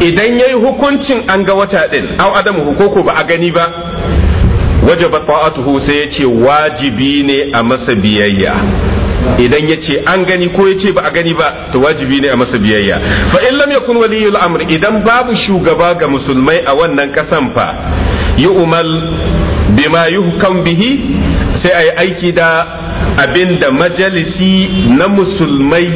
B: idan yayi hukuncin an ga wata din aw adamu ko ba a gani ba wajaba ta'atuhu sai yace wajibi ne a masa biyayya idan yace an gani ko yace ba a gani ba to wajibi ne a masa biyayya fa in lam yakun waliyul amr idan babu shugaba ga musulmai a wannan kasan fa yu'mal bima yuhkam bihi sai a yi aiki da abinda majalisi na musulmai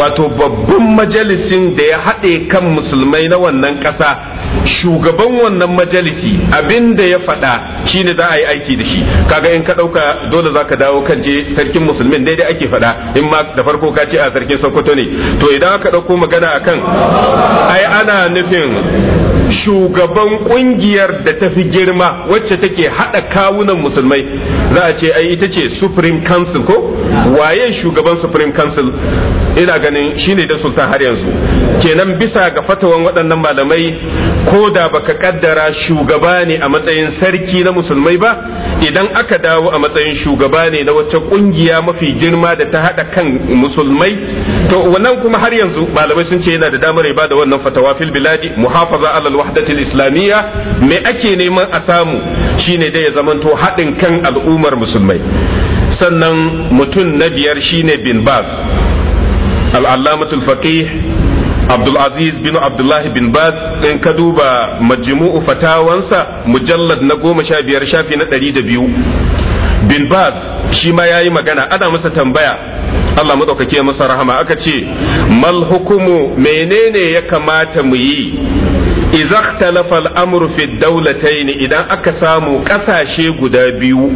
B: wato babban majalisin da ya haɗe kan musulmai na wannan ƙasa shugaban wannan majalisi abinda ya faɗa shine za a yi aiki da shi kaga in ka ɗauka dole za ka dawo kan je sarkin musulmin daidai ake faɗa in ma da farko ka ce a sarkin sokoto ne to idan aka ɗauko magana a kan ai ana nufin shugaban ƙungiyar da ta fi girma wacce take haɗa kawunan musulmai za a ce ai ita ce supreme council ko waye shugaban supreme council ina ganin shine da sultan har yanzu kenan bisa ga fatawan waɗannan malamai ko ko da baka kaddara shugaba ne a matsayin sarki na musulmai ba idan aka dawo a matsayin shugaba ne na wata kungiya mafi girma da ta hada kan musulmai to wannan kuma har yanzu malamai sun ce yana da damar ya bada wannan fatawa fil biladi muhafaza alal wahdatil islamiyya me ake neman a samu shine dai ya zamanto haɗin kan al'ummar musulmai sannan mutum na biyar shine bin bas al-allamatul faqih Abdulaziz bin Abdullah bin bas in ka duba majmu'u fatawansa mujallad na goma sha biyar shafi na ɗari da biyu bin bas shi ma ya yi magana ana masa tambaya Allah maɗaukake masa rahama aka ce mal hukumu menene ya kamata mu yi idza ikhtalafa al-amru fi ad-dawlatayn idan aka samu kasashe guda biyu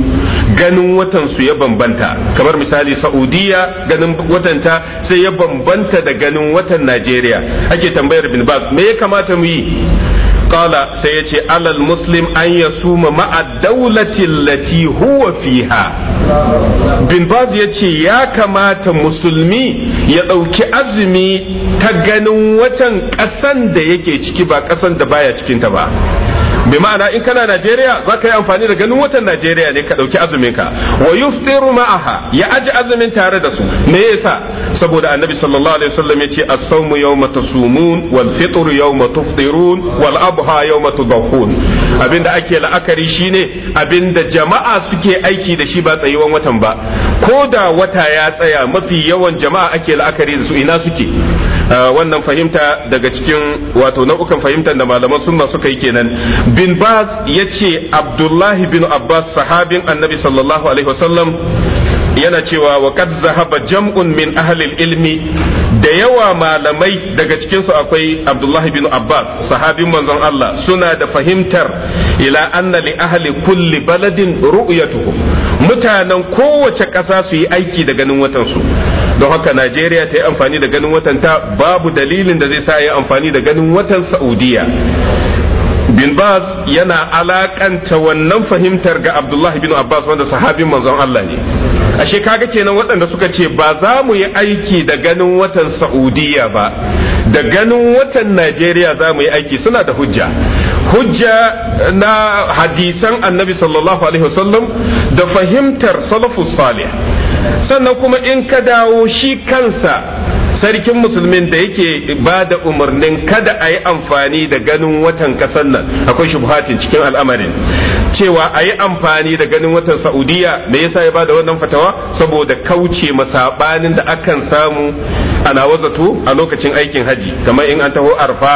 B: ganin watan su ya bambanta kamar misali saudiya ganin watan ta sai ya bambanta da ganin watan najeriya ake tambayar bin bas me ya kamata mu yi qala sai yace alal muslim an yasuma ma'a dawlati allati huwa fiha bin baz yace ya kamata musulmi ya ɗauki azumi ta ganin watan kasan da yake ciki ba kasan da baya cikin ta ba bi ma'ana in kana Najeriya za ka yi amfani da ganin watan Najeriya ne ka ɗauki azumin ka wa yuftiru ma'aha ya aji azumin tare da su me yasa saboda annabi sallallahu alaihi wasallam ya ce as-sawmu yawma tasumun wal fitru yawma tufṭirun wal abha yawma tudhakun abinda ake la'akari shine abinda jama'a suke aiki da shi ba tsayuwan watan ba ko da wata ya tsaya mafi yawan jama'a ake la'akari da su ina suke ah, wannan fahimta daga cikin wato nau'ukan fahimtar da malaman sunna suka yi kenan bin baz ya ce abdullahi bin abbas sahabin annabi sallallahu alaihi wasallam yana cewa wa kad zahaba jam'un min ahli ilmi da yawa malamai daga cikin su akwai abdullahi bin Abbas sahabin manzon Allah suna da fahimtar ila anna li ahli kulli baladin ru'yatuhum mutanen kowace ƙasa su yi aiki da ganin watan su don haka Najeriya ta yi amfani da ganin watan ta babu dalilin da zai sa yi amfani da ganin watan Saudiya bin baz yana alakanta wannan fahimtar ga abdullahi bin abbas wanda sahabin manzon Allah ne ashe kaga kenan waɗanda suka ce ba za mu yi aiki da ganin watan saudiya ba da ganin watan najeriya za mu yi aiki suna da hujja hujja na hadisan annabi sallallahu alaihi wasallam da fahimtar salafus salih sannan kuma in ka dawo shi kansa sarkin musulmin da yake ba da umarnin kada a yi amfani da ganin watan kasar nan akwai shubhatin cikin al'amarin cewa a yi amfani da ganin watan saudiya me yasa ya ba da wannan fatawa saboda kauce masabanin da akan samu a wazato a lokacin aikin haji kamar in an taho arfa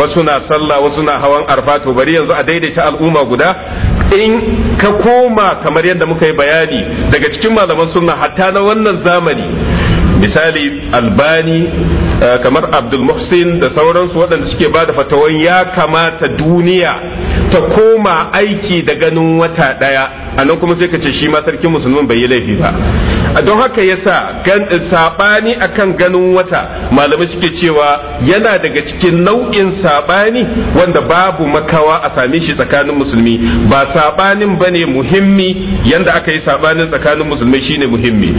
B: wasu na sallah wasu na hawan arfa to bari yanzu a daidaita al'umma guda in ka koma kamar yadda muka yi bayani daga cikin malaman sunna hatta na wannan zamani misali albani eh, kamar abdul muhsin da sauransu waɗanda suke ba da fatawan ya kamata duniya ta koma aiki da ganin wata ɗaya a nan kuma sai ka ce shi ma sarkin musulmin bai yi laifi ba don haka yasa gan sabani akan ganin wata malamai suke cewa yana daga cikin nau'in saɓani wanda babu makawa a same shi tsakanin musulmi ba sabanin ne muhimmi yanda aka yi sabanin tsakanin musulmi shine muhimmi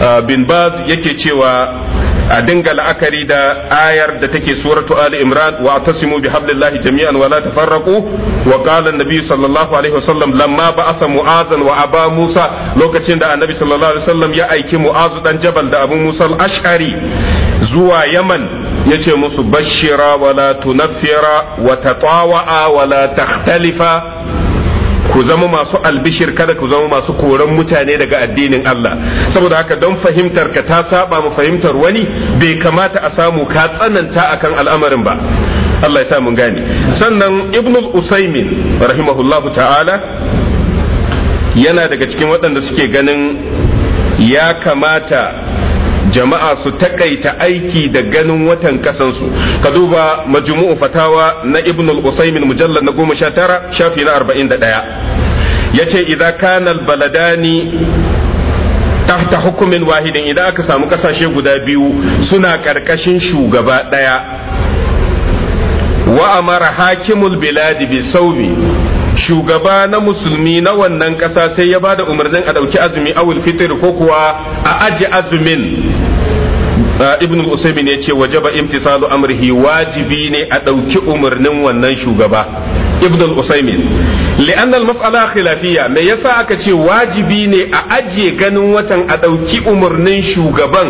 B: ah, bin baz yake cewa a dinga la'akari da ayar da take suratu ali imran wa tasimu bi hablillahi jami'an wa la tafarraqu wa qala an-nabi sallallahu alaihi wasallam lamma ba'asa mu'azan wa aba musa lokacin da annabi sallallahu alaihi wasallam ya aiki mu'azu dan jabal da abu musa al-ash'ari zuwa yaman yace musu bashira wa la wata wa wala wa la takhtalifa ku zama masu albishir kada ku zama masu koran mutane daga addinin Allah saboda haka don fahimtar ka ta saba mu fahimtar wani bai kamata a samu ka tsananta akan al'amarin ba Allah ya sa mun gane sannan ibnu usaymin rahimahullahu ta'ala yana daga cikin waɗanda suke ganin ya kamata jama'a su takaita aiki da ganin watan kasansu ka duba majmu'u fatawa na ibn al-usaymin mujallad na goma sha tara shafi na arba'in da ɗaya ya idan kanal baladani tahta hukumin wahidin idan aka samu kasashe guda biyu suna karkashin shugaba ɗaya wa amara hakimul biladi bi shugaba na musulmi na wannan ƙasa sai ya da umarnin a ɗauki azumi awul fitr ko kuwa a aji azumin ibn usaymin ya ce wajaba imtisalu amrihi wajibi ne a ɗauki umarnin wannan shugaba ibn usaymin li'anna al-mas'ala me yasa aka ce wajibi ne a ajiye ganin watan a ɗauki umarnin shugaban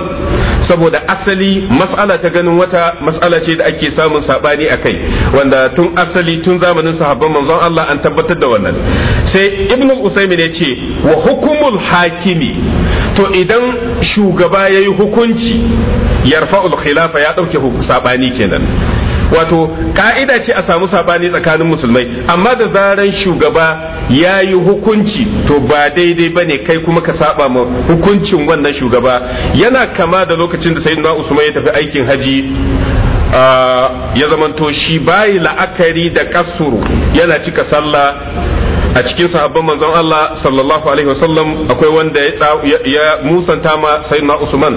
B: saboda asali mas'ala ta ganin wata mas'ala ce da ake samun sabani akai wanda tun asali tun zamanin sahabban manzon Allah an tabbatar da wannan sai ibn usaimin ya ce wa hukumul hakimi to idan shugaba ya yi hukunci yarfa'ul khilafa ya ɗauke saɓani kenan wato ka'ida ce a samu saɓani tsakanin musulmai amma da zaran shugaba ya yi hukunci to ba daidai ba ne kai kuma ka saba ma hukuncin wannan shugaba yana kama da lokacin da sayyidina usman ya tafi aikin haji ya zamanto shi bayi la'akari da kasuru yana cika sallah a cikin sahabban manzon Allah sallallahu alaihi wasallam akwai wanda ya musanta ma sayyidina Usman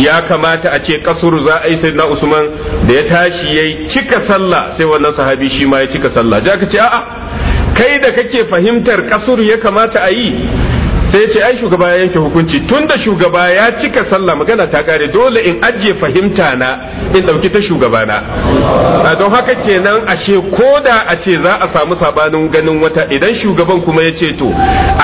B: ya kamata a ce kasuru za a yi sayyidina Usman da ya tashi yayi cika sallah sai wannan sahabi shi ma ya cika sallah ja ka ce a'a kai da kake fahimtar kasuru ya kamata a yi sai ce ai shugaba ya yanke hukunci tunda shugaba ya cika sallah magana ta kare dole in ajiye fahimta na in dauki ta shugaba na don haka kenan ashe koda a ce za a samu sabanin ganin wata idan shugaban kuma ya ce to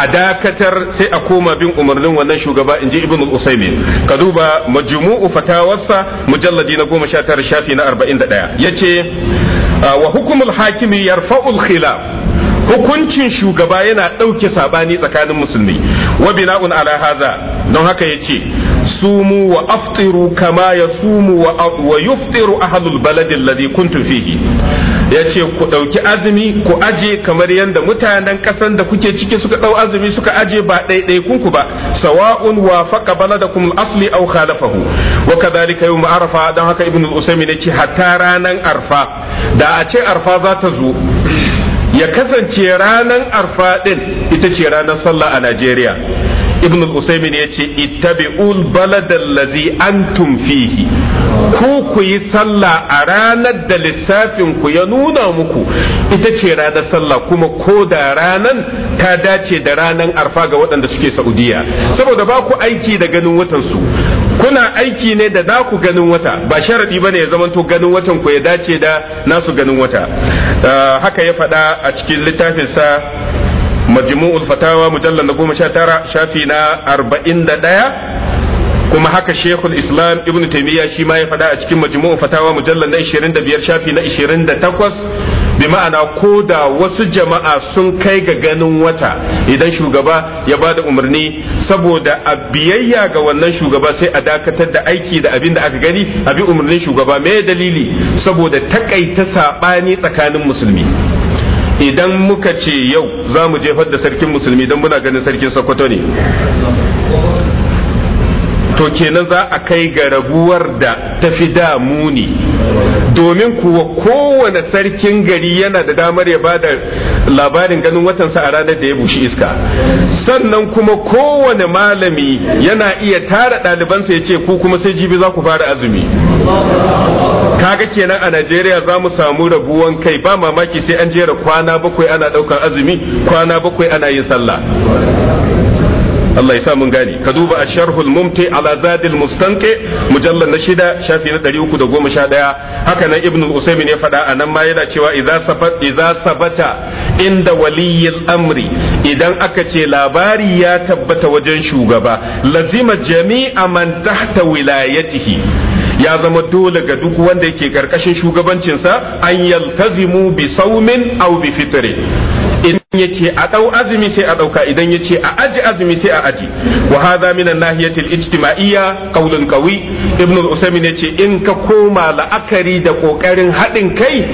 B: a dakatar sai a koma bin umarnin wannan shugaba in ji ibnu usaimin ka duba majmu'u fatawarsa mujalladi na 19 shafi na 41 yace wa hukumul hakimi yarfa'ul khilaf hukuncin shugaba yana ɗauke sabani tsakanin musulmi wa bina'un ala haza don haka yace sumu wa aftiru kama ya sumu wa yuftiru ahlul baladin alladhi kuntum fihi yace ku ɗauki azumi ku aje kamar yadda mutanen ƙasan da kuke ciki suka ɗau azumi suka aje ba ɗaiɗaikun kunku ba sawa'un wa faqa baladakum al-asli aw khalafahu wa kadhalika yawm arfa don haka ibnu al-usaymin yace hatta ranan arfa da a ce arfa za ta zo ya kasance ranar arfa ɗin ita ce ranar sallah a Najeriya ibn al-usaymin yace ittabi'ul baladal ladzi antum fihi ku ku yi sallah a ranar da lissafin ku ya nuna muku ita ce ranar sallah kuma ko da ranan ta dace da ranar arfa ga waɗanda suke Saudiya saboda ba ku aiki da ganin watan su kuna aiki ne da naku ganin wata ba sharadi ne ya zamanto ganin watan ku ya dace da nasu ganin wata ah, haka ya faɗa a cikin littafin sa majmu'ul fatawa mujallal na shafi na arba'in kuma haka shekul islam ibn taimiyya shi ma ya faɗa a cikin majmu'ul fatawa mujallal na 25 shafi na 28 bi ma'ana ko da wasu jama'a sun kai ga ganin wata idan shugaba ya ba da umarni saboda a biyayya ga wannan shugaba sai a dakatar da aiki da abin da aka gani a bi umarnin shugaba me dalili saboda takaita saɓani tsakanin musulmi idan muka ce yau za mu jefar da sarkin musulmi don muna ganin sarkin sokoto ne to kenan za a kai ga rabuwar da ta fi damuni domin kuwa kowane sarkin gari yana da damar ya bada labarin ganin watansa a ranar da ya bushi iska sannan kuma kowane malami yana iya tara ɗalibansa ya ce ku kuma sai jibi za ku fara azumi kaga kenan a najeriya za mu samu rabuwan kai ba mamaki sai an jera kwana bakwai ana ɗaukar azumi kwana bakwai ana yin sallah Allah ya sa mun gane ka duba asharhul mumti ala zadil mustanqi mujallal na shida shafi na 311 haka nan ibnu usaymin ya faɗa anan ma yana cewa idza sabat idza sabata inda waliyil amri idan aka ce labari ya tabbata wajen shugaba lazima jami'a man tahta wilayatihi ya zama dole ga duk wanda yake karkashin shugabancinsa an yaltazimu bi saumin aw bi fitri yace a ɗau azumi sai a ɗauka idan yace a aji azumi sai a aji wa hadha min an-nahiyati al-ijtima'iyya qawlun qawi ibnu usaymin yace ce in ka koma la'akari da kokarin haɗin kai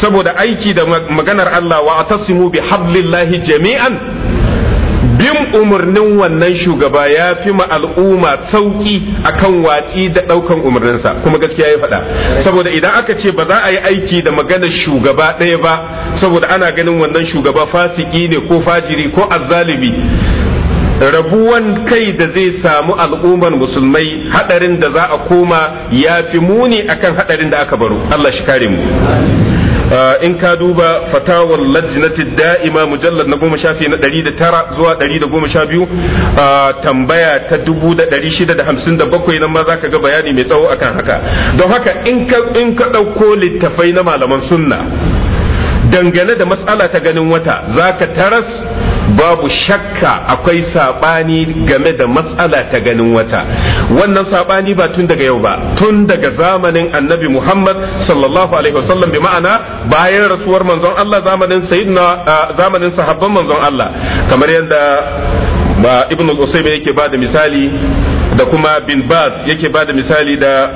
B: saboda aiki da maganar Allah wa atasimu bi hablillahi jami'an bin umarnin wannan shugaba ya fi ma al'umma sauki akan watsi da daukan umarninsa kuma gaskiya ya faɗa saboda idan aka ce ba za a yi aiki da maganar shugaba ɗaya ba saboda ana ganin wannan shugaba fasiki ne ko fajiri ko azzalimi rabuwan kai da zai samu al'ummar musulmai hadarin da za a koma ya fi muni akan hadarin da aka baro Allah shi kare mu in ka duba fatawar lajnati da'ima mujallar na goma shafi na ɗari da tara zuwa ɗari da goma sha biyu tambaya ta dubu da ɗari shida da hamsin da bakwai nan ma za ka ga bayani mai tsawo akan haka don haka in ka ɗauko littafai na malaman sunna dangane da matsala ta ganin wata za ka taras babu shakka akwai saɓani game da matsala ta ganin wata wannan saɓani ba tun daga yau ba tun daga zamanin annabi muhammad sallallahu alaihi wasallam bi ma'ana bayan rasuwar manzon allah zamanin sayyidina zamanin sahabban manzon allah kamar yadda ba ibn al yake ba da misali da kuma bin baz yake ba da misali da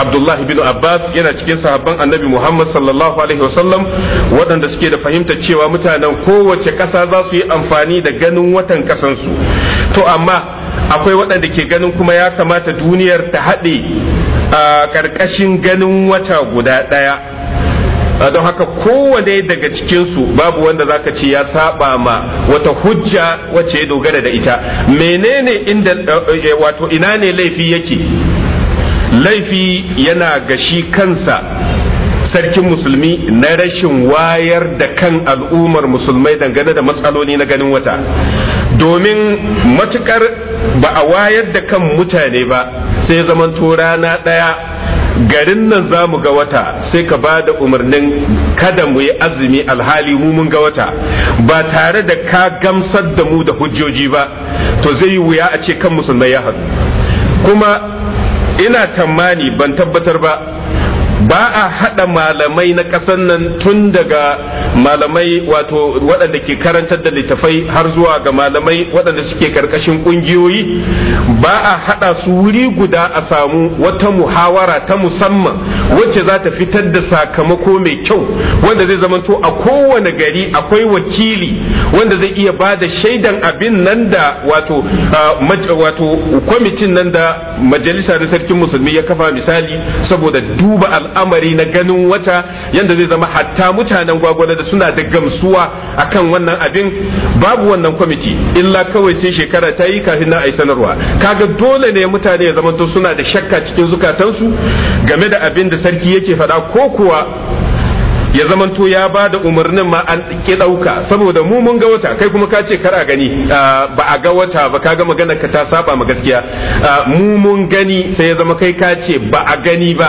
B: abdullahi bin abbas yana cikin sahabban annabi muhammad sallallahu alaihi wasallam waɗanda suke da fahimta cewa mutanen kowace ƙasa za su yi amfani da ganin watan ƙasansu to amma akwai waɗanda ke ganin kuma ya kamata duniyar ta haɗe a ƙarƙashin ganin wata guda ɗaya don haka kowane daga cikinsu babu wanda zaka ce ya saba ma wata hujja wacce ya dogara da ita menene inda eh, eh, wato ina ne laifi yake laifi yana gashi kansa sarkin musulmi na rashin wayar da kan al'ummar musulmai dangane da matsaloli na ganin wata domin matukar ba a wayar da kan mutane ba sai zamanto rana ɗaya garin nan za mu ga wata sai ka ba da umarnin kada mu yi azumi alhali mu mun ga wata ba tare da ka gamsar da mu da hujjoji ba to zai yi wuya a ce kan musulmai ya haɗu kuma ina tamani ban tabbatar ba ba a haɗa malamai na ƙasar nan tun daga malamai wato waɗanda ke karantar da littafai har zuwa ga malamai waɗanda suke karkashin ƙungiyoyi ba a haɗa su wuri guda a samu wata muhawara ta musamman wacce za ta fitar da sakamako mai kyau wanda zai zama zamanto a kowane gari akwai wakili wanda zai iya ba da shaidan abin nan da wato kwamitin nan da majalisa na sarkin musulmi ya kafa misali saboda duba al' al'amari na ganin wata yadda zai zama hatta mutanen gwagwada da suna da gamsuwa akan wannan abin babu wannan kwamiti illa kawai sai shekara ta yi kafin na a sanarwa kaga dole ne mutane ya zamanto suna da shakka cikin zukatansu game da abin da sarki yake faɗa ko kuwa ya zamanto ya ba da umarnin ma an ki ɗauka saboda mu mun ga wata kai kuma ka ce kar a gani ah, ba a ga wata ba ka ga magana ka ta saba ma gaskiya ah, mu mun gani sai ya zama kai ka ce ba a gani ba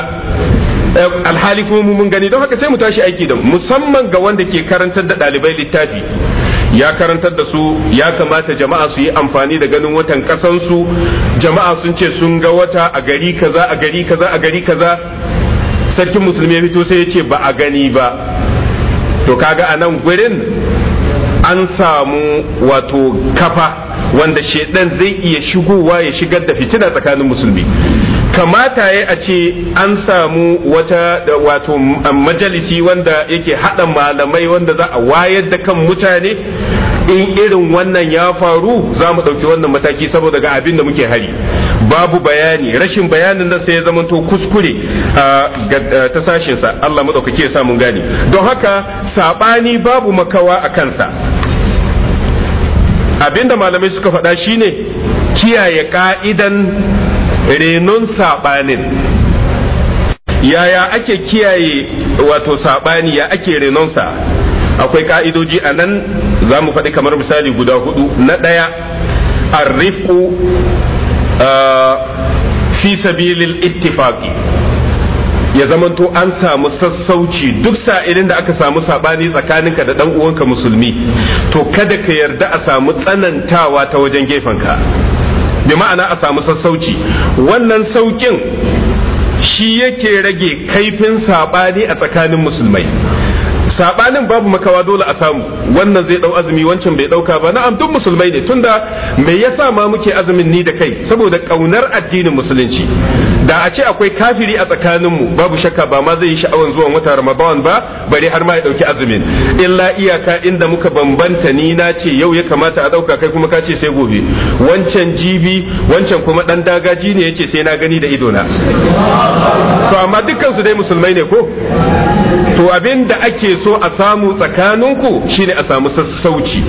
B: Eh, alhali kuma mun gani don haka sai mu tashi aiki da musamman ga wanda ke karantar da ɗalibai littafi ya karantar da su ya kamata jama'a su yi amfani da ganin watan kasansu jama'a sun ce sun ga wata a gari kaza a gari kaza a gari kaza sarkin musulmi ya fito sai ya ce ba a gani ba to kaga a nan gurin an samu wato kafa wanda shaidan zai iya shigowa ya shigar da fitina tsakanin musulmi kamata ya a ce an samu wata wato um, majalisi wanda yake haɗa malamai wanda za a wayar da kan mutane in irin wannan ya faru za mu ɗauki wannan mataki saboda ga abin da muke hari babu bayani rashin bayanin nan sai ya zama to kuskure ta sashinsa Allah maɗaukaki ya sa mun gane don haka saɓani babu makawa a kansa abinda malamai suka faɗa shine kiyaye ka'idan renon saɓanin yaya ake kiyaye wato saɓani ya ake renonsa akwai ka'idoji a nan za mu faɗi kamar misali guda hudu na ɗaya arrifku eh, fi sabilil ittifaqi ya zamanto an samu sassauci duk sa'irin da aka samu saɓani tsakaninka da ɗan uwanka musulmi to kada ka yarda a samu tsanantawa ta wajen gefenka bi ma'ana a samu sassauci wannan saukin shi yake rage kaifin saɓani a tsakanin musulmai sabanin babu makawa dole a samu wannan zai dau azumi wancan bai dauka ba na'am duk musulmai ne tunda me yasa ma muke azumin ni da kai saboda kaunar addinin musulunci da a ce akwai kafiri a tsakanin mu babu shakka ba ma zai yi sha'awan zuwan wata ramadan ba bare har ma ya dauki azumin illa iyaka inda muka bambanta ni na ce yau ya kamata a dauka kai kuma ka ce sai gobe wancan jibi wancan kuma dan dagaji ne yace sai na gani da idona to amma dukkan su dai musulmai ne ko to abin da ake so so a samu tsakaninku shine a samu sassauci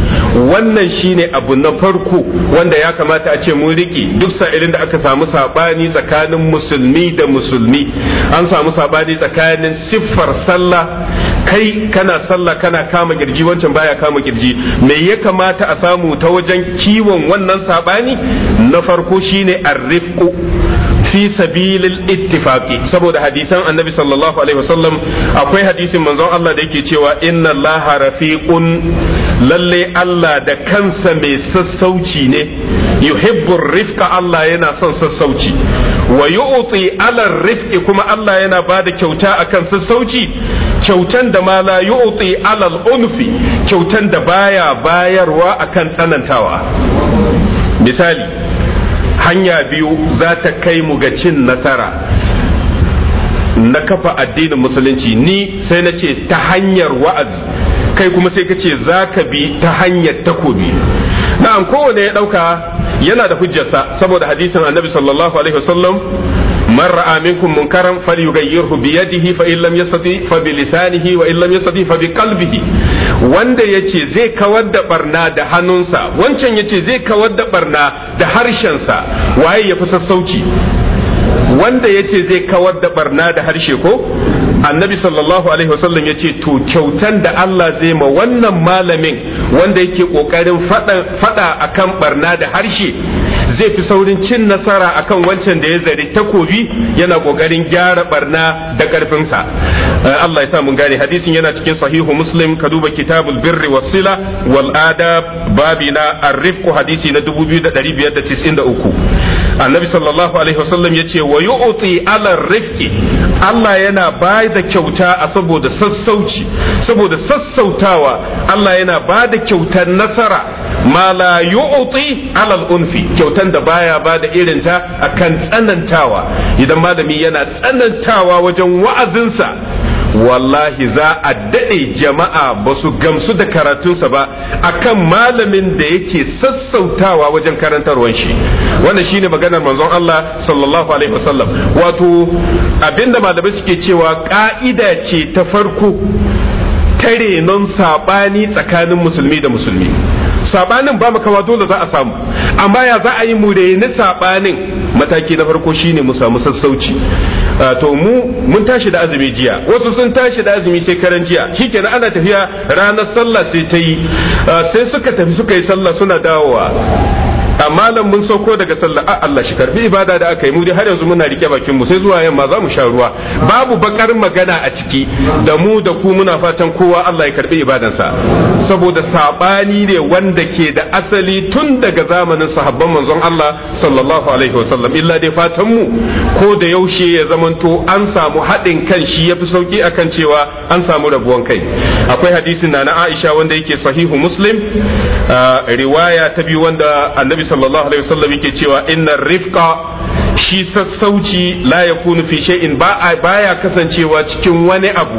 B: wannan shine abu na farko wanda ya kamata a ce mun riki duk sa'ilin da aka samu sabani tsakanin musulmi da musulmi an samu sabani tsakanin siffar sallah kai kana sallah kana kama girji wancan baya kama girji me ya kamata a samu ta wajen kiwon wannan sabani na farko shine arrifku fi sabilil ittifaqi saboda hadisan annabi sallallahu alaihi wasallam akwai hadisin manzon Allah da yake cewa inna allaha rafiqun lalle Allah da kansa mai sassauci ne yuhibbur rifqa Allah yana son sassauci wa yu'ti ala rifqi kuma Allah yana bada kyauta akan sassauci kyautan da ma la yu'ti ala unfi kyautan da baya bayarwa akan tsanantawa misali hanya biyu za ta kai mu ga cin nasara na kafa addinin musulunci ni sai na ce ta hanyar wa'azi kai kuma sai ka ce za ka bi ta hanyar takobi na'am kowane ya ɗauka yana da hujjarsa saboda hadisin annabi sallallahu alaihi wasallam من رأى منكم منكرا فليغيره بيده فإن لم يستطع فبلسانه وإن لم يستطع فبقلبه wanda yace zai kawar da barna da hannunsa wancan yace zai kawar da barna da harshensa waye ya fi sassauci wanda yace zai kawar da barna da harshe ko annabi sallallahu alaihi wasallam ya ce to kyautan da Allah zai ma wannan malamin wanda yake kokarin fada akan barna da harshe zai fi saurin cin nasara akan wancan da ya zari takobi yana kokarin gyara barna da karfinsa eh, Allah ya sa mun gane hadisin yana cikin sahihu muslim ka duba kitabul birri wasila wal adab babina ar-rifqu hadisi na 2593 annabi sallallahu alaihi wasallam ya ce wa yu'ti ala rifqi Allah yana ba da kyauta a saboda sassauci saboda sassautawa Allah yana ba da kyautar nasara ma la yu'ti ala unfi kyautan da baya ba da irinta akan tsanantawa idan malami yana tsanantawa wajen wa'azinsa wallahi za a daɗe jama'a ba su gamsu da karatunsa ba akan malamin da yake sassautawa wajen karantarwan shi wannan shine maganar manzon Allah sallallahu alaihi wasallam wato abinda malamai suke cewa ka'ida ce ta farko tare non saɓani tsakanin musulmi da musulmi sabanin ba kama dole za a samu amma ya za a yi mu da yi sabanin mataki na farko shine mu samu sassauci to mu mun tashi da azumi jiya wasu sun tashi da azumi sai karan jiya na ana tafiya ranar sallah sai ta yi sai suka tafi suka yi sallah suna dawowa amma nan mun sauko daga sallah a Allah shi karbi ibada da aka yi mu dai har yanzu muna rike bakin mu sai zuwa yamma za mu sha ruwa babu bakar magana a ciki da mu da ku muna fatan kowa Allah ya karbi ibadansa saboda sabani ne wanda ke da asali tun daga zamanin sahabban manzon Allah sallallahu alaihi wasallam illa dai fatan mu ko da yaushe ya zamanto an samu haɗin kan shi yafi sauki akan cewa an samu rabuwan kai akwai hadisin na na Aisha wanda yake sahihu Muslim uh, riwaya ta biyu wanda Annabi sallallahu alaihi wasallam yake cewa inna rifqa shi sassauci la yakunu fi shay'in ba baya kasancewa cikin wani abu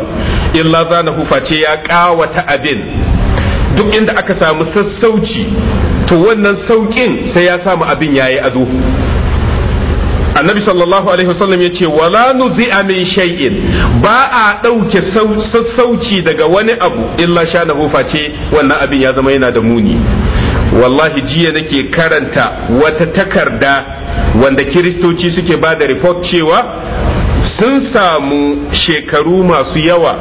B: illa zanahu face ya kawata abin duk inda aka samu sassauci to wannan saukin sai ya samu abin yayi ado annabi sallallahu alaihi wasallam ya ce wala nuzi'a min shay'in ba a ɗauke sassauci daga wani abu illa shanahu face wannan abin ya zama yana da muni wallahi jiya nake karanta wata takarda wanda kiristoci suke ba da report cewa sun samu shekaru masu yawa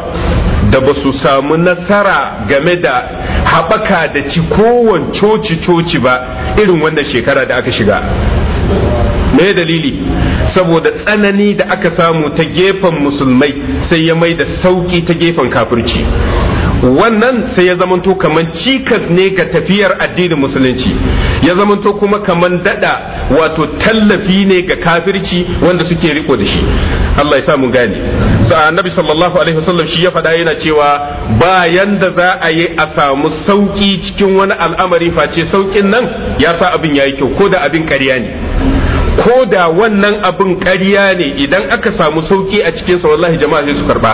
B: da ba su samu nasara game da haɓaka da ci kowan coci-coci ba irin wannan shekara da aka shiga me dalili saboda tsanani da aka samu ta gefen musulmai sai ya mai da sauki ta gefen kafirci wannan sai ya zamanto kaman cikas ne ga tafiyar addinin musulunci ya zamanto kuma kaman dada wato tallafi ne ga kafirci wanda suke riko da shi Allah ya sa mu gane sa annabi sallallahu alaihi wasallam shi ya faɗa yana cewa bayan da za a yi a samu sauki cikin wani al'amari face saukin nan ya sa abin yayi kyau ko da abin ƙarya ne ko da wannan abin ƙarya ne idan aka samu sauki a cikinsa wallahi jama'a zai su karba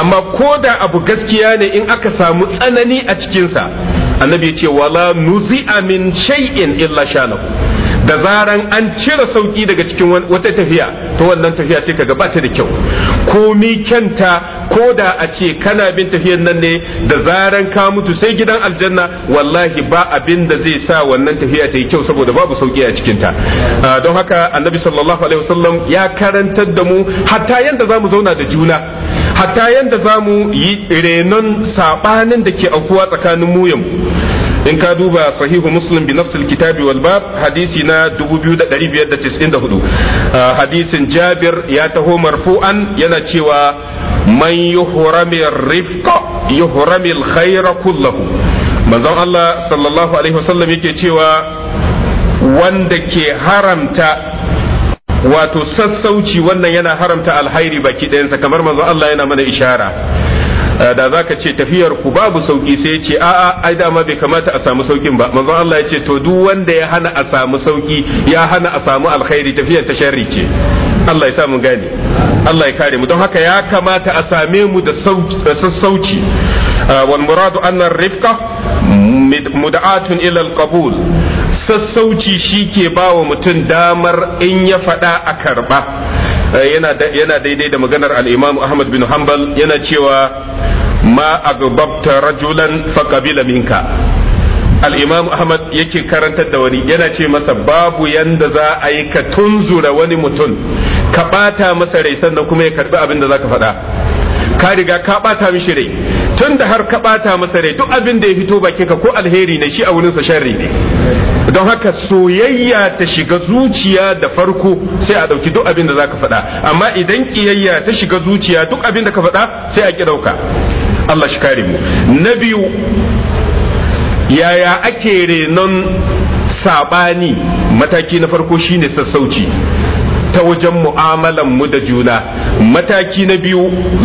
B: amma ko da abu gaskiya ne in aka samu tsanani a cikinsa annabi ya ce wala nuzi'a min shay'in illa shanahu da zaran an cire sauki daga cikin wata tafiya to wannan tafiya sai kaga bata da kyau komi kyanta ko da a ce kana bin tafiyar nan ne da zaran ka mutu sai gidan aljanna wallahi ba abin da zai sa wannan tafiya ta yi kyau saboda babu sauki a cikin ta ah, don haka annabi sallallahu alaihi wasallam ya karantar da mu hatta yanda zamu zauna da juna hatta yanda zamu yi renon sabanin da ke aukuwa tsakanin mu yamu in ka duba sahihu muslim bi nafsil kitabi wal bab hadisi na 2594 hadisin jabir ya taho marfu'an yana cewa man yuhrami rifqa yuhrami al khayra kullahu manzon Allah sallallahu alaihi wasallam yake cewa wanda ke haramta wato sassauci wannan yana haramta alhairi baki ɗayansa kamar manzo Allah yana mana ishara Eh, da zaka ce tafiyar ku babu sauki sai ya ce a'a ai dama bai kamata a samu saukin ba manzon Allah ya ce to duk wanda ya hana a samu sauki ya hana a samu alkhairi tafiyar ta sharri ce Allah ya sa mu gane Allah ya kare mu don haka ya kamata a same mu da sassauci eh, wal muradu annar rifqa mud'atun ila al-qabul sassauci shike bawa mutum damar in ya faɗa a karba Eh, yana daidai da maganar alimam Ahmad bin Hanbal yana cewa ma agbabta rajulan faƙabila minka al Ahmad yake karantar da wani yana ce masa babu yanda za a yi ka tunzura wani mutum ka ɓata masa rai sannan kuma ya karɓi abin da ka faɗa ka riga ka ɓata mishi rai tun da har ka ɓata masa rai duk abin da ya fito ka ko alheri ne shi a wurinsa sharri ne don haka soyayya ta shiga zuciya da farko sai a dauki duk abin da zaka faɗa amma idan kiyayya ta shiga zuciya duk abin da ka faɗa sai a ki dauka Allah shi kare mu na biyu yaya ake renon sabani mataki na farko shine sassauci ta wajen mu'amalan mu da juna mataki na biyu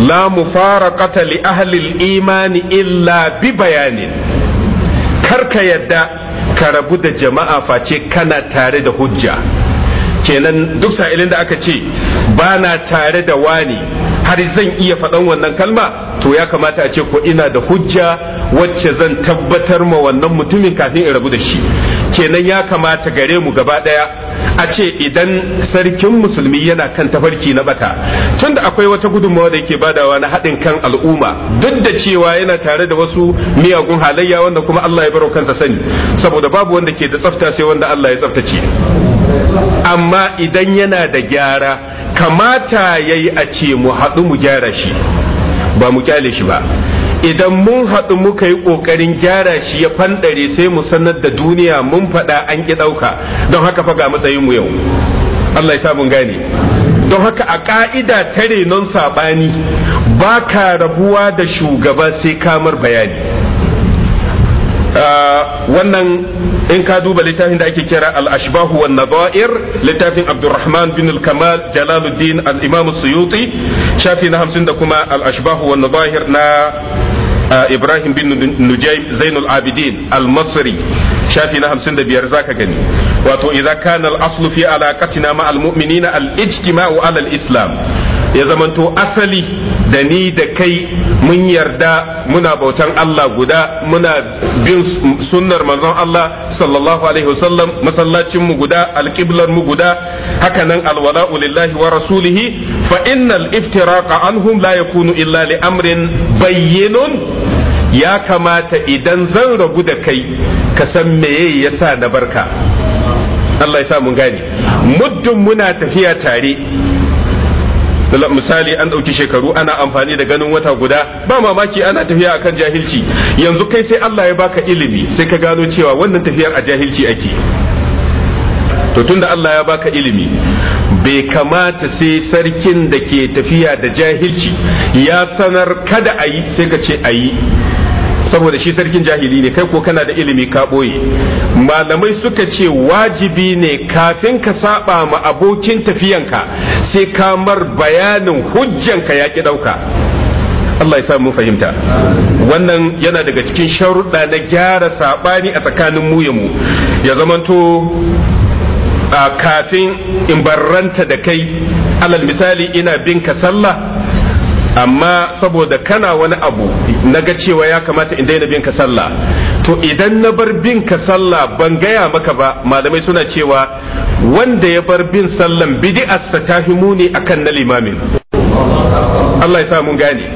B: la fara li ahlil imani illa bi bayanin karka yadda ka rabu da jama'a face kana tare da hujja kenan duk sa'ilin da aka ce ba na tare da wani har zan iya faɗan wannan kalma to ya kamata a ce ko ina da hujja wacce zan tabbatar ma wannan mutumin kafin in rabu da shi kenan ya kamata gare mu gaba daya a ce idan sarkin musulmi yana kan tafarki na bata tunda akwai wata gudunmawa da yake badawa na haɗin kan al'umma duk da cewa yana tare da wasu miyagun halayya wanda kuma Allah ya baro kansa sani saboda babu wanda ke da tsafta sai wanda Allah ya tsaftace amma idan yana da gyara kamata ya yi a ce mu haɗu mu gyara shi ba mu kyale shi ba idan mun haɗu muka yi ƙoƙarin gyara shi ya fanɗare sai mu sanar da duniya mun faɗa an ƙi ɗauka don haka faga ga matsayinmu yau Allah ya sa mun gane don haka a ƙa'ida tare renon saɓani ba ka rabuwa da shugaba sai kamar bayani wannan in ka duba littafin da ake kira al-ashbahu wan nadair littafin Abdurrahman bin al-Kamal Jalaluddin al-Imam Suyuti shafi na 50 da kuma al-ashbahu wan nadair na Ibrahim bin Nujaym Zainul Abidin al-Masri shafi na 55 zaka gani wato idza kana al-aslu fi alaqatina ma al-mu'minina al-ijtima'u ala al-islam ya zamanto asali da ni da kai mun yarda muna bautan Allah guda muna bin sunnar manzon Allah sallallahu alaihi wasallam masallacin mu guda alqiblar mu guda hakanan alwala'u lillahi wa rasulihi fa innal iftiraqa anhum la yakunu illa li amrin bayyinun ya kamata idan zan rabu da kai ka san meye yasa na barka Allah ya sa mun gane muddin muna tafiya tare misali an ɗauki shekaru ana amfani da ganin wata guda ba mamaki ana tafiya akan jahilci yanzu kai sai Allah ya baka ilimi sai ka gano cewa wannan tafiyar a jahilci ake to tunda Allah ya baka ilimi bai kamata sai sarkin da ke tafiya da jahilci ya sanar kada ayi sai ka ce a saboda shi sarkin jahili ne kai ko kana da ilimi ka boye malamai suka ce wajibi ne kafin ka saba ma abokin tafiyanka sai kamar mar bayanin hujjanka ya ki dauka Allah ya sa mu fahimta wannan yana daga cikin sharuɗa na gyara saɓani a tsakanin mu mu ya zamanto kafin in barranta da kai alal misali ina bin ka sallah amma saboda kana wani abu na ga cewa ya kamata in daina binka sallah to idan na bar binka sallah ban gaya maka ba malamai suna cewa wanda ya bar bin sallan bidi'ar ta fi muni akan na limamin Allah ya sa mun gane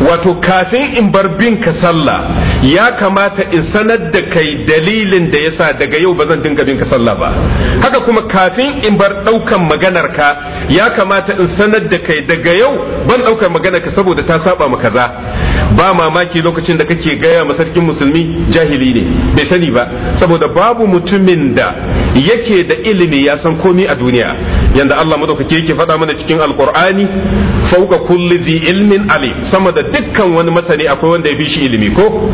B: wato kafin in bar bin ka sallah ya kamata in sanar da kai dalilin da yasa daga yau ba zan dinga bin ka sallah ba haka kuma kafin in bar daukan maganar ka ya kamata in sanar da kai daga yau ban daukan maganar ka saboda ta saba maka kaza ba mamaki lokacin da kake gaya ma sarkin musulmi jahili ne bai sani ba saboda babu mutumin da yake da ilimi ya san komi a duniya yanda Allah madaukake yake faɗa mana cikin alqur'ani fauka kulli zi ilmin ali sama da dukkan wani masani akwai wanda ya fi shi ilimi ko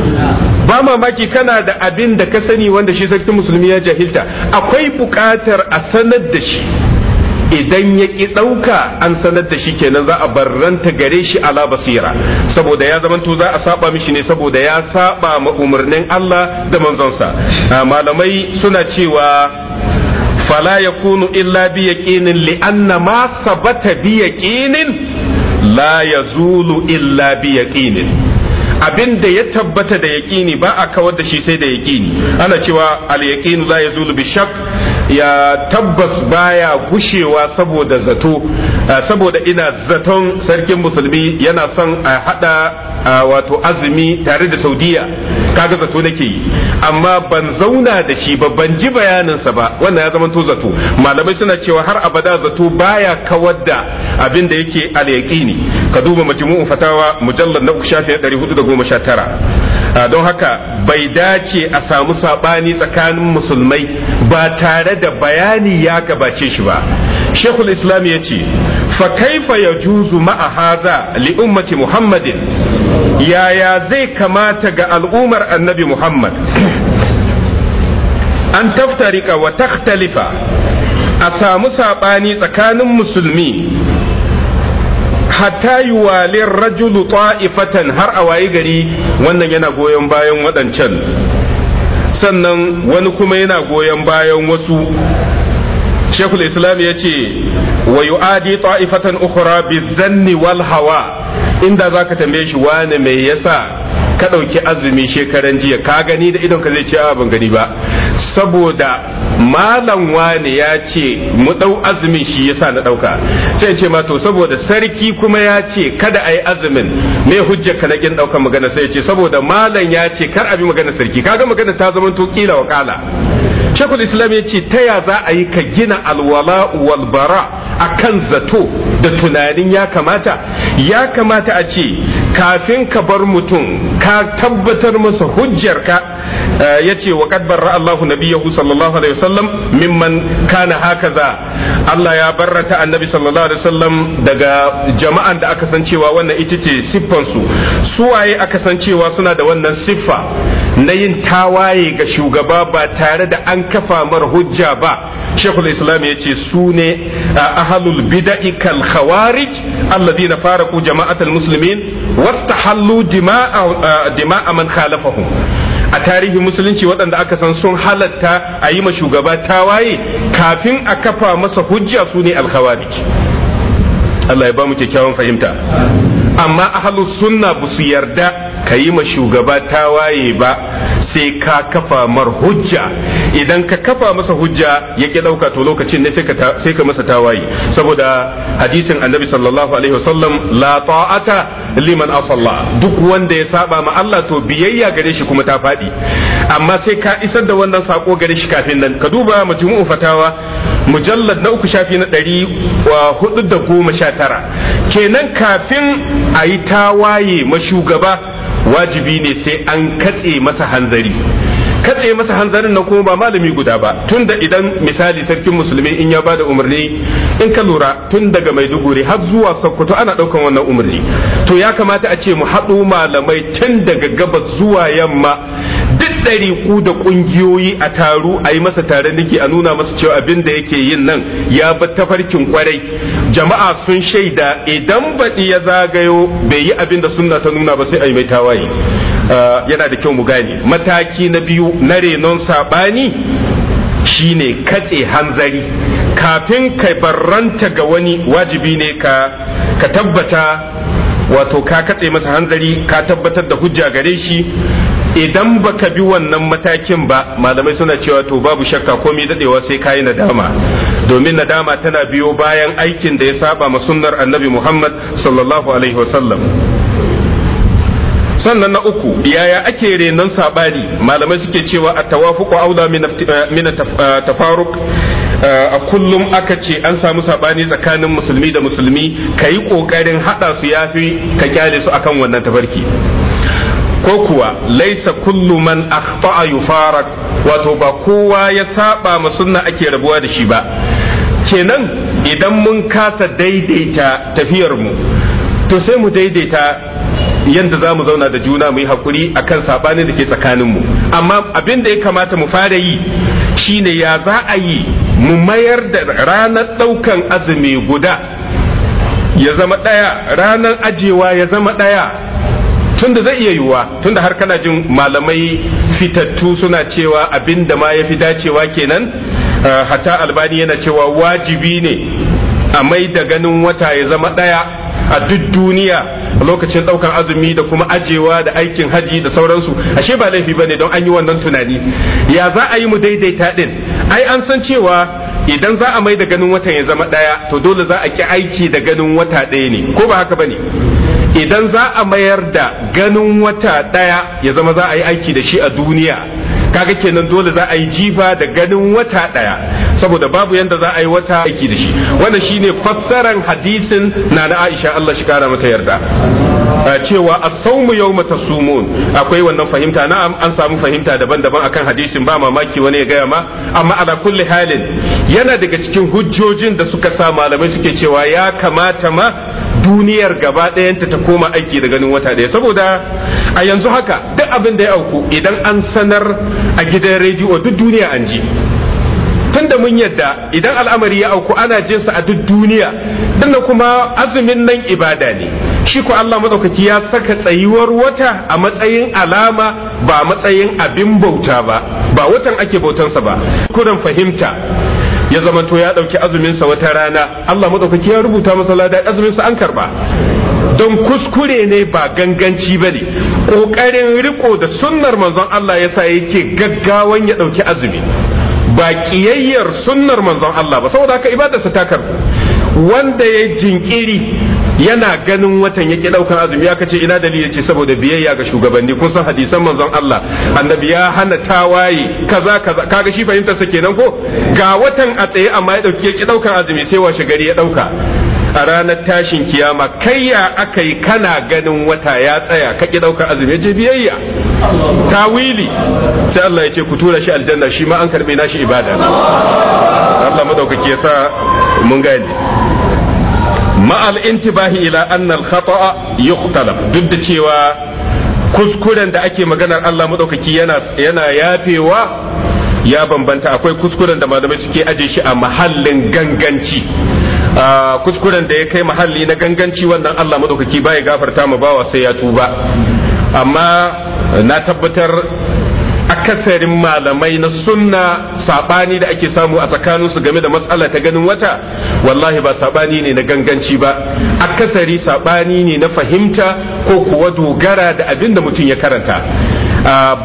B: ba mamaki kana da abin da ka sani wanda shi sarkin musulmi ya jahilta akwai buƙatar a sanar da shi idan ya ki ɗauka an sanar da shi kenan za a barranta gare shi ala basira saboda ya zamanto za a saba mishi ne saboda ya saba ma umarnin Allah da manzonsa ah, malamai suna cewa fala yakunu illa bi yaqinin li anna ma sabata bi yaqinin la yazulu illa bi yaqinin abin da ya tabbata da yaƙini ba a kawar da shi sai da yaƙini ana cewa al-yaqinu la yazulu bi shakk ya tabbas baya gushewa saboda zato saboda ina zaton sarkin musulmi yana son a hada wato azumi tare da saudiya kaga zato nake yi amma ban zauna da shi ba ban ji bayaninsa ba wannan ya zama to zato malamai suna cewa har abada zato baya kawar da abin da yake al ka duba majmu'u fatawa mujallad na 419 Ah, don haka bai dace a samu sabani tsakanin musulmai ba tare da bayani ya gabace shi ba shekul islam ya ce fa kaifa ya juzu ma'a haza li ummati muhammadin yaya zai kamata ga al'ummar annabi muhammad an taftarika wa takhtalifa a samu saɓani tsakanin musulmi hatta yuwalin rajulu ta'ifatan har a wayi gari wannan yana goyon bayan waɗancan sannan wani kuma yana goyon bayan wasu shekul islam ya ce wa yu'adi ta'ifatan ukhra bi zanni wal hawa inda zaka tambaye shi wane mai yasa ka ɗauki azumi shekaran jiya ka gani da idon ka zai ce ban gani ba saboda malam wani ya ce mu ɗau azumin shi yasa na ɗauka sai ce ma to saboda sarki kuma ya ce kada a yi azumin me hujjar ka na ƙin ɗaukar magana sai ce saboda malam ya ce kar a bi magana sarki kaga magana ta zama to kila wa kala shekul islam ya ce ta ya za a yi ka gina alwala wal bara akan zato da tunanin ya kamata ya kamata a ce kafin ka bar mutum ka tabbatar masa hujjarka eh, ya ce wa kadbar barra Allahu nabiyahu sallallahu alaihi wasallam mimman kana hakaza Allah ya barrata annabi sallallahu alaihi wasallam daga jama'an da aka san cewa wannan ita ce siffansu waye aka san cewa suna da wannan siffa na yin tawaye ga shugaba ba tare da an kafa mar hujja ba shekul islam ya ce su ne eh, ahlul bid'i kal khawarij alladhina faraqu jama'atal muslimin wastahallu dima'a uh, dima'a man khalafahum a tarihin musulunci waɗanda aka san sun halatta a yi ma shugaba waye kafin a kafa masa hujja su ne alkhawarij Allah ya ba mu kyakkyawan fahimta amma ahlus sunna ba su yarda ka yi ma shugaba tawaye ba sai ka kafa mar hujja idan ka kafa masa hujja ya ki dauka to lokacin ne sai ka masa tawaye saboda hadisin annabi sallallahu alaihi wasallam la ta'ata liman asalla duk wanda ya saba ma Allah to biyayya gare shi kuma ta faɗi amma sai ka isar da wannan sako gare shi kafin nan ka duba majmu'u fatawa mujallar na uku shafi na ɗari wa hudu da goma sha tara kenan kafin a yi tawaye mashugaba wajibi ne sai an katse masa hanzari katse masa hanzarin na kuma ba malami guda ba tun da idan misali sarkin musulmi in ya bada umarni in ka lura tun daga maiduguri har zuwa sokoto ana daukan wannan umarni to ya kamata a ce mu haɗu malamai tun daga gabas zuwa yamma ku da kungiyoyi a taru a yi masa tare niki a nuna masa cewa abin da yake yin nan ya bi tafarkin kwarai jama'a sun shaida idan baɗi ya zagayo bai yi abin da sunna ta nuna ba sai a yi mai tawaye ah, yana da kyau mu gane mataki na biyu na renon saɓani shine katse hanzari kafin ka barranta ga wani wajibi ne ka ka tabbata wato ka katse masa hanzari ka tabbatar da hujja gare shi idan baka bi wannan matakin ba malamai suna cewa to babu shakka komai dadewa sai kayi nadama domin nadama tana biyo bayan aikin da ya saba ma sunnar annabi Muhammad sallallahu alaihi wasallam sannan na uku yaya ake renon sabani malamai suke cewa a tawafuku auda min eh, tafaruk eh, a kullum aka ce an samu sabani tsakanin musulmi da musulmi ka yi ƙoƙarin haɗa su yafi ka kyale su akan wannan tafarki ko kuwa laisa kullu man akhta'a yufarak wato ba kowa ya saba ma sunna ake rabuwa da shi ba kenan idan mun kasa daidaita tafiyar mu to sai mu daidaita yadda za mu zauna da juna mu yi hakuri akan sabanin da ke tsakaninmu amma abin da ya kamata mu fara yi shine ya za a yi mu mayar da ranar ɗaukan azumi guda ya zama ɗaya ranar ajewa ya zama ɗaya tunda zai iya yiwuwa tunda har kana jin malamai fitattu suna cewa abin da ma ya fi dacewa kenan eh, hatta albani yana cewa wajibi ne a mai da ganin wata ya zama ɗaya a duk duniya lokacin ɗaukar azumi da kuma ajewa da aikin haji da sauransu ashe ba laifi ne don an yi wannan tunani ya za a yi mu daidaita din? ai an san cewa idan za a mai da ganin watan ya zama ɗaya to dole za a ki aiki da ganin wata ɗaya ne ko ba haka bane idan za a mayar da ganin wata ɗaya ya zama za a yi aiki da shi a duniya kaga kenan dole za a yi jifa da ganin wata ɗaya saboda babu yanda za a yi wata aiki da shi wannan shine fassaran hadisin na na Aisha Allah shi kara mata yarda cewa as-sawmu yawma tasumun akwai wannan fahimta na an samu fahimta daban-daban akan hadisin ba mamaki wani ya gaya ma amma ala kulli halin yana daga cikin hujjojin da suka sa malamai suke cewa ya kamata ma duniyar gaba ɗayanta ta koma aiki da ganin wata ɗaya saboda a yanzu haka duk abin da ya auku idan an sanar a gidan rediyo duk duniya an ji tun da mun yadda idan al'amari ya auku ana jinsa a duk duniya dinna kuma azumin nan ibada ne shi ko Allah madaukaki ya saka tsayuwar wata a matsayin alama ba matsayin abin bauta ba ba watan ake bautansa ba kudan fahimta ya zamanto ya dauki azumin sa wata rana Allah madaukaki ya rubuta masa lada azumin sa an karba don kuskure ne ba ganganci ba ne. kokarin riko da sunnar manzon Allah yasa yake gaggawan ya dauki azumi ba kiyayyar sunnar manzon Allah ba saboda haka ibadarsa ta karbu wanda ya jinkiri yana ganin watan yake daukan azumi aka ce ina dalili ce saboda biyayya ga shugabanni kun san hadisan manzon Allah annabi ya hana tawaye kaza kaza kaga shi fahimtar sa kenan ko ga watan a tsaye amma ya dauke ki daukan azumi sai washe gari ya dauka a ranar tashin kiyama kai ya aka yi kana ganin wata ya tsaya ka ki daukar azumi je biyayya tawili sai Allah ya ce ku tura shi aljanna shi ma an karbe nashi ibada Allah madaukaki ya sa mun gane ma'al intibahi ila annal khata'a yuqtalab duk da cewa kuskuren da ake maganar Allah madaukaki yana yana yafewa ya bambanta akwai kuskuren da malamai suke aje shi a mahallin ganganci kuskuren da ya kai mahalli na ganganci wannan Allah madaukaki baya gafarta mu bawa sai ya tuba amma na tabbatar akasarin malamai na sunna sabani da ake samu a tsakaninsu game da matsala ta ganin wata wallahi ba sabani ne na ganganci ba akasari sabani ne na fahimta ko kuwa dogara da abin da mutum ya karanta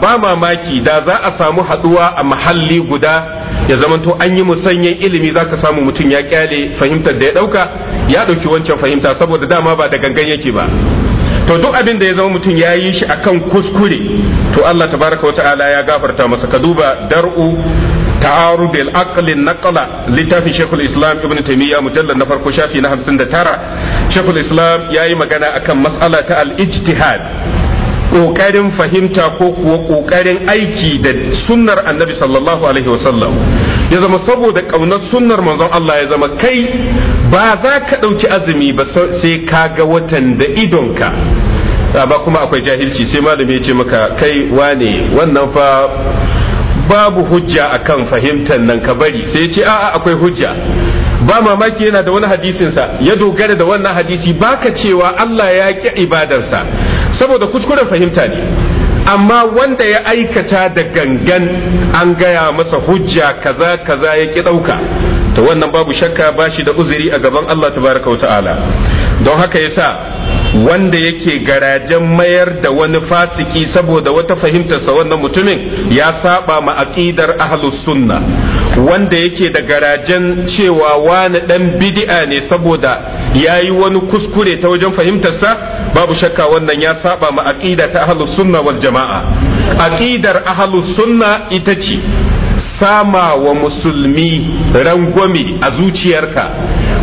B: ba mamaki da za a samu haduwa a mahalli guda ya zamanto an yi musanyen ilimi zaka samu mutum ya kyale fahimtar da ya dauka ya dauki wancan fahimta saboda dama ba da gangan yake ba to duk abin da ya zama mutum ya yi shi akan kuskure to Allah tabaraka wa ta'ala ya gafarta masa ka duba dar'u تعارض العقل النقل لتافي شيخ الاسلام ابن تيميه مجلد نفر كشافي نهم سند ترى شيخ magana akan matsala ta Al الاجتهاد ƙoƙarin fahimta ko kuwa kokarin aiki da sunnar annabi sallallahu alaihi wasallam ya zama saboda kaunar sunnar manzon Allah ya zama kai ba za ka ɗauki azumi ba sai ka ga watan da idonka ba kuma akwai jahilci sai malami ya ce maka kai wane wannan fa babu hujja akan fahimtar nan ka bari sai ce a'a akwai hujja ba mamaki yana da wani hadisinsa ya dogara da wannan hadisi baka cewa Allah ya ƙi ibadarsa saboda kuskuren fahimta ne amma wanda ya aikata da gangan an gaya masa hujja kaza kaza ya ki ɗauka to wannan babu shakka ba shi da uzuri a gaban Allah tabaraka wa ta'ala don haka yasa wanda yake garajen mayar da wani fasiki saboda wata fahimtarsa wannan mutumin ya saba ma aqidar ahlus sunna wanda yake da garajen cewa wani dan bid'a ne saboda yayi wani kuskure ta wajen fahimtarsa babu shakka wannan ya saba ma aqida ta ahlus sunna wal jama'a aqidar ahlus sunna ita ce sama wa musulmi rangwame a zuciyarka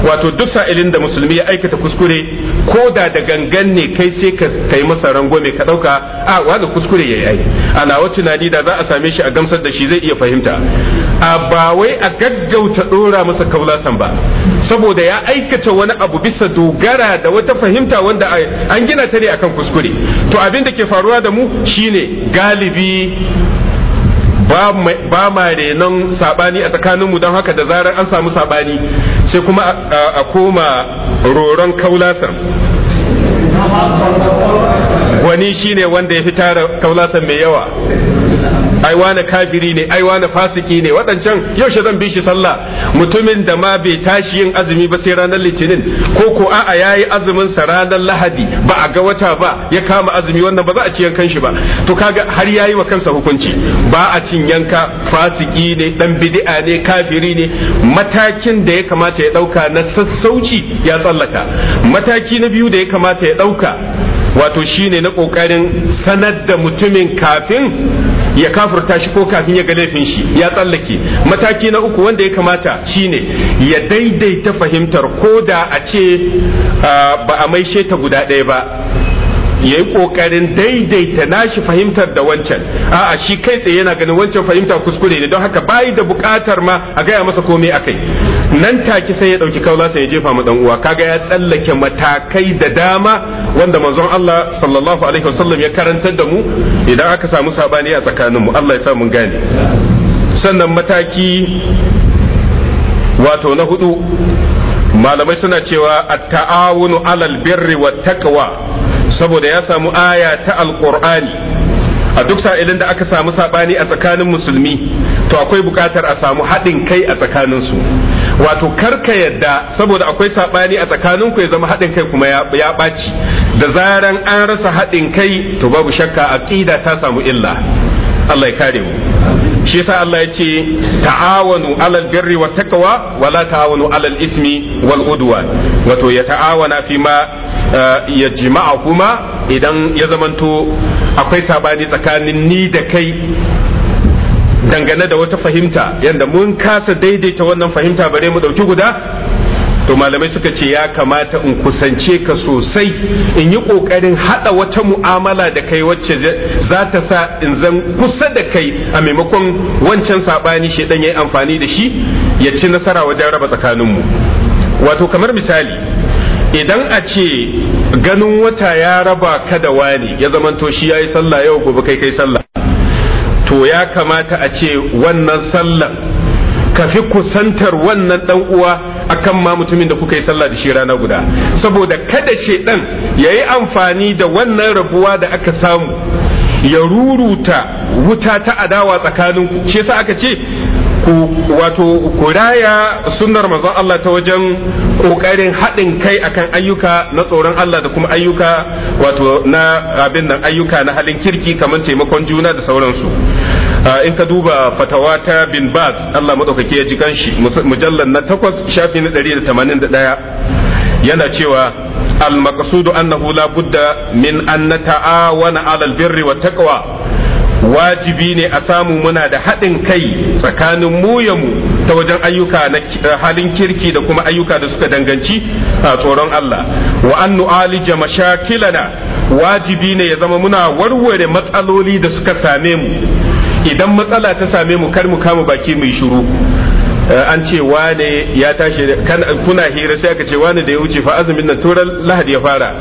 B: wato duk sa'ilin da musulmi ya aikata kuskure ko da da gangan ne kai sai ka kai masa rangwame ka dauka a wani kuskure yayi ai ana wa tunani da za a same shi a gamsar da shi zai iya fahimta a ba wai a gaggauta dora masa kaulasan ba saboda ya aikata wani abu bisa dogara da wata fahimta wanda an gina ta ne akan kuskure to abin da ke faruwa da mu shine galibi ba ma renon sabani a tsakaninmu don haka da zarar an samu sabani sai kuma a koma roron kaulasar wani shine wanda ya fi tara kaulasan mai yawa ai wani kafiri ne ai wani fasiki ne waɗancan yaushe zan bi shi sallah mutumin da ma bai tashi yin azumi ba sai ranar litinin ko ko a'a yayi azumin sa ranar lahadi ba a ga wata ba ya kama azumi wannan ba za a ci yankan shi ba to kaga har yayi wa kansa hukunci ba a cin yanka fasiki ne dan bid'a ne kafiri ne matakin da ya kamata ya dauka na sassauci ya tsallaka mataki na biyu da ya kamata ya dauka wato shine na kokarin sanar da mutumin kafin ya kafurta shi ko kafin ya ga laifin shi ya tsallake mataki na uku wanda ya kamata shine ya daidaita fahimtar ko da a ce ah, ba a maishe ta guda ɗaya ba ya yi kokarin daidaita nashi fahimtar da wancan a'a shi kai tsaye yana ganin wancan fahimta kuskure ne don haka bai da bukatar ma a gaya masa komai akai nan take sai ya dauki kaula sai ya jefa mu dan uwa kaga ya tsallake matakai da dama wanda manzon Allah sallallahu alaihi wasallam ya karantar da mu idan aka samu sabani a tsakanin mu Allah ya sa mun gane sannan mataki wato na hudu malamai suna cewa at-ta'awunu alal birri wat taqwa saboda ya samu aya ta alqur'ani a duk sa'ilin da aka samu saɓani a tsakanin musulmi to akwai buƙatar a samu haɗin kai a tsakanin su wato karka yadda saboda akwai saɓani a tsakanin ku ya zama haɗin kai kuma ya ɓaci da zaran an rasa haɗin kai to babu shakka aƙida ta samu illa Allah ya kare mu shi yasa Allah ya ce ta'awanu alal birri wa taqwa wala ta'awanu alal ismi wal udwan wato ya ta'awana fi ma ya jima'a kuma idan ya zamanto akwai sabani tsakanin ni da kai dangane da wata fahimta yadda mun kasa daidaita wannan fahimta bare mu dauki guda to malamai suka ce ya kamata in kusance ka sosai in yi kokarin hada wata mu'amala da kai wacce za ta sa in zan kusa da kai a maimakon wancan sabani shi dan yayi amfani da shi ya ci nasara wajen raba tsakaninmu wato kamar misali idan a ce ganin wata ya raba ka da wani ya to shi ya yi sallah yau gobe kai kai sallah to ya kamata a ce wannan sallah ka fi kusantar wannan dan uwa akan ma mutumin da kuka yi sallah da shi rana guda saboda kada shedan ya yi amfani da wannan rabuwa da aka samu ya ruruta wuta ta adawa tsakaninku shi yasa aka ce ku wato ku sunnar manzon Allah ta wajen kokarin haɗin kai akan ayyuka na tsoron Allah da kuma ayyuka wato na abin nan ayyuka na halin kirki kamar taimakon juna da sauransu in ka duba fatawa ta bin baz Allah madaukake ya ji kanshi mujallar na takwas shafi na 181 yana cewa المقصود أنه لا بد من أن نتعاون على البر والتقوى wajibi ne a samu muna da haɗin kai tsakanin mu ya mu ta wajen ayyuka na eh, halin kirki da kuma ayyuka da suka danganci a ah, tsoron Allah wa annu alija mashakilana wajibi ne ya zama muna warware matsaloli da suka same mu idan matsala ta same mu kar mu kama baki mai shiru eh, an ce wane ya tashi kuna hira sai aka ce wane da ya wuce fa azumin nan turan lahadi ya fara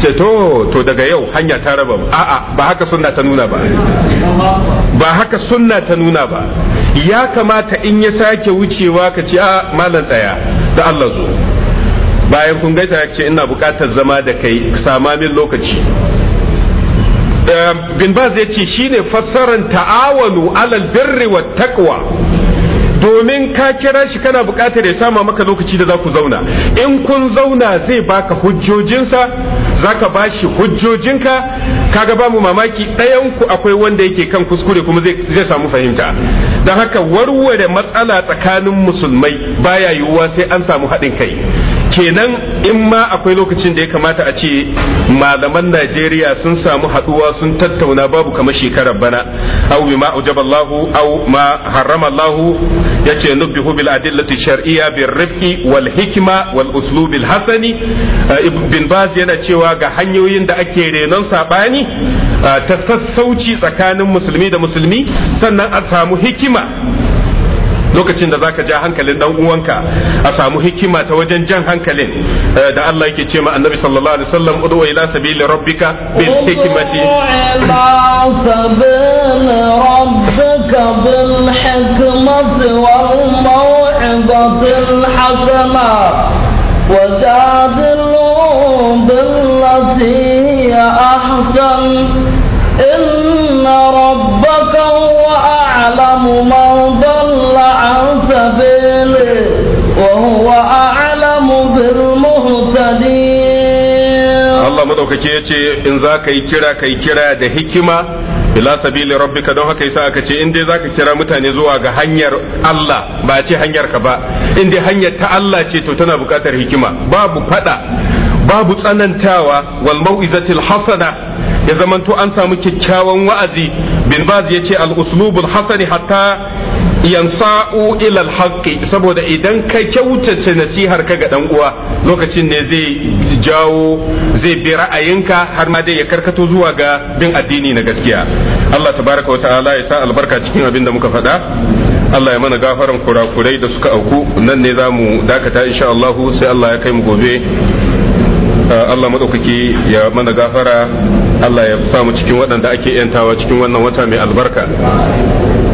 B: ce to to daga yau hanya ta raba a'a ba haka sunna ta nuna ba ba haka sunna ta nuna ba ya kamata in ya sake wucewa ka ce a ah, malam tsaya da Allah zo bayan kun gaisa ya ce ina bukatar zama da kai sama min lokaci ehm, bin ba zai ce shine fassarar ta'awanu alal birri wa taqwa domin ka kira shi kana buƙatar ya sama maka lokaci da za ku zauna in kun zauna zai baka hujjojinsa za ka ba shi hujjojinka Ka ba mu mamaki ɗayanku akwai wanda yake kan kuskure kuma zai samu fahimta don haka warware matsala tsakanin musulmai baya yiwuwa sai an samu haɗin kai kenan in ma akwai lokacin da ya kamata a ce malaman Najeriya sun samu haduwa sun tattauna babu kamar shekarar bana aw bima aujaballahu aw ma harrama Allah yace nubihu bil adillati shar'iyya bir rifqi wal hikma wal uslub al hasani eh, ibn Baz yana cewa ga hanyoyin da ake renon sabani eh, ta sassauci tsakanin musulmi da musulmi sannan a samu hikima lokacin da zaka ja hankalin dan uwanka a samu hikima ta wajen jan hankalin da Allah yake ce ma annabi sallallahu alaihi wasallam udu ila sabili rabbika bil hikmati ila
A: rabbika bil hikmati wal maw'izatil hasana وجادلهم بالتي هي أحسن إن رب
B: madaukake ya ce in za ka yi kira ka yi kira da hikima bila sabili rabbika don haka yasa aka ce in dai zaka kira mutane zuwa ga hanyar Allah ba a ce hanyar ka ba in dai hanyar ta Allah ce to tana bukatar hikima babu fada babu tsanantawa wal mau'izatil hasana ya zamanto an samu kyakkyawan wa'azi bin baz yace al uslubul hasani hatta yansa'u ilal haqqi saboda idan ka kyautata nasihar ka ga dan uwa lokacin ne zai jawo zai bi ra'ayinka har ma dai ya karkato zuwa ga bin addini na gaskiya Allah tabaraka wa ta'ala ya sa albarka cikin abin da muka faɗa Allah ya mana gafaran kurakurai da suka auku nan ne zamu dakata insha Allah sai Allah ya kai mu gobe uh, Allah madaukaki ya mana gafara Allah ya samu cikin waɗanda ake ‘yantawa cikin wannan wata mai albarka.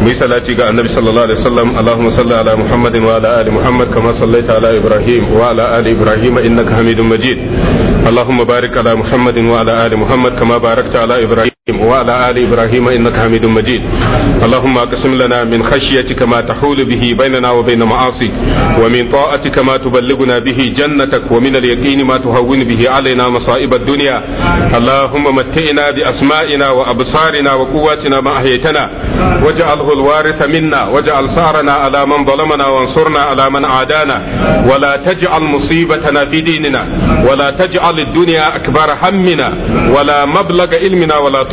B: mu yi salati ga annabi sallallahu alaihi wasallam Allahumma salli ala Muhammadin wa ala ali Muhammad kama sallaita ala Ibrahim wa ala ali Ibrahim innaka Hamidum Majid Allahumma barik ala Muhammadin wa ala ali Muhammad kama barakta ala Ibrahim وعلى آل إبراهيم إنك حميد مجيد اللهم اقسم لنا من خشيتك ما تحول به بيننا وبين معاصيك ومن طاعتك ما تبلغنا به جنتك ومن اليقين ما تهون به علينا مصائب الدنيا اللهم متئنا بأسمائنا وأبصارنا وقواتنا ما أحيتنا واجعله الوارث منا واجعل صارنا على من ظلمنا وانصرنا على من عادانا ولا تجعل مصيبتنا في ديننا ولا تجعل الدنيا أكبر همنا ولا مبلغ علمنا ولا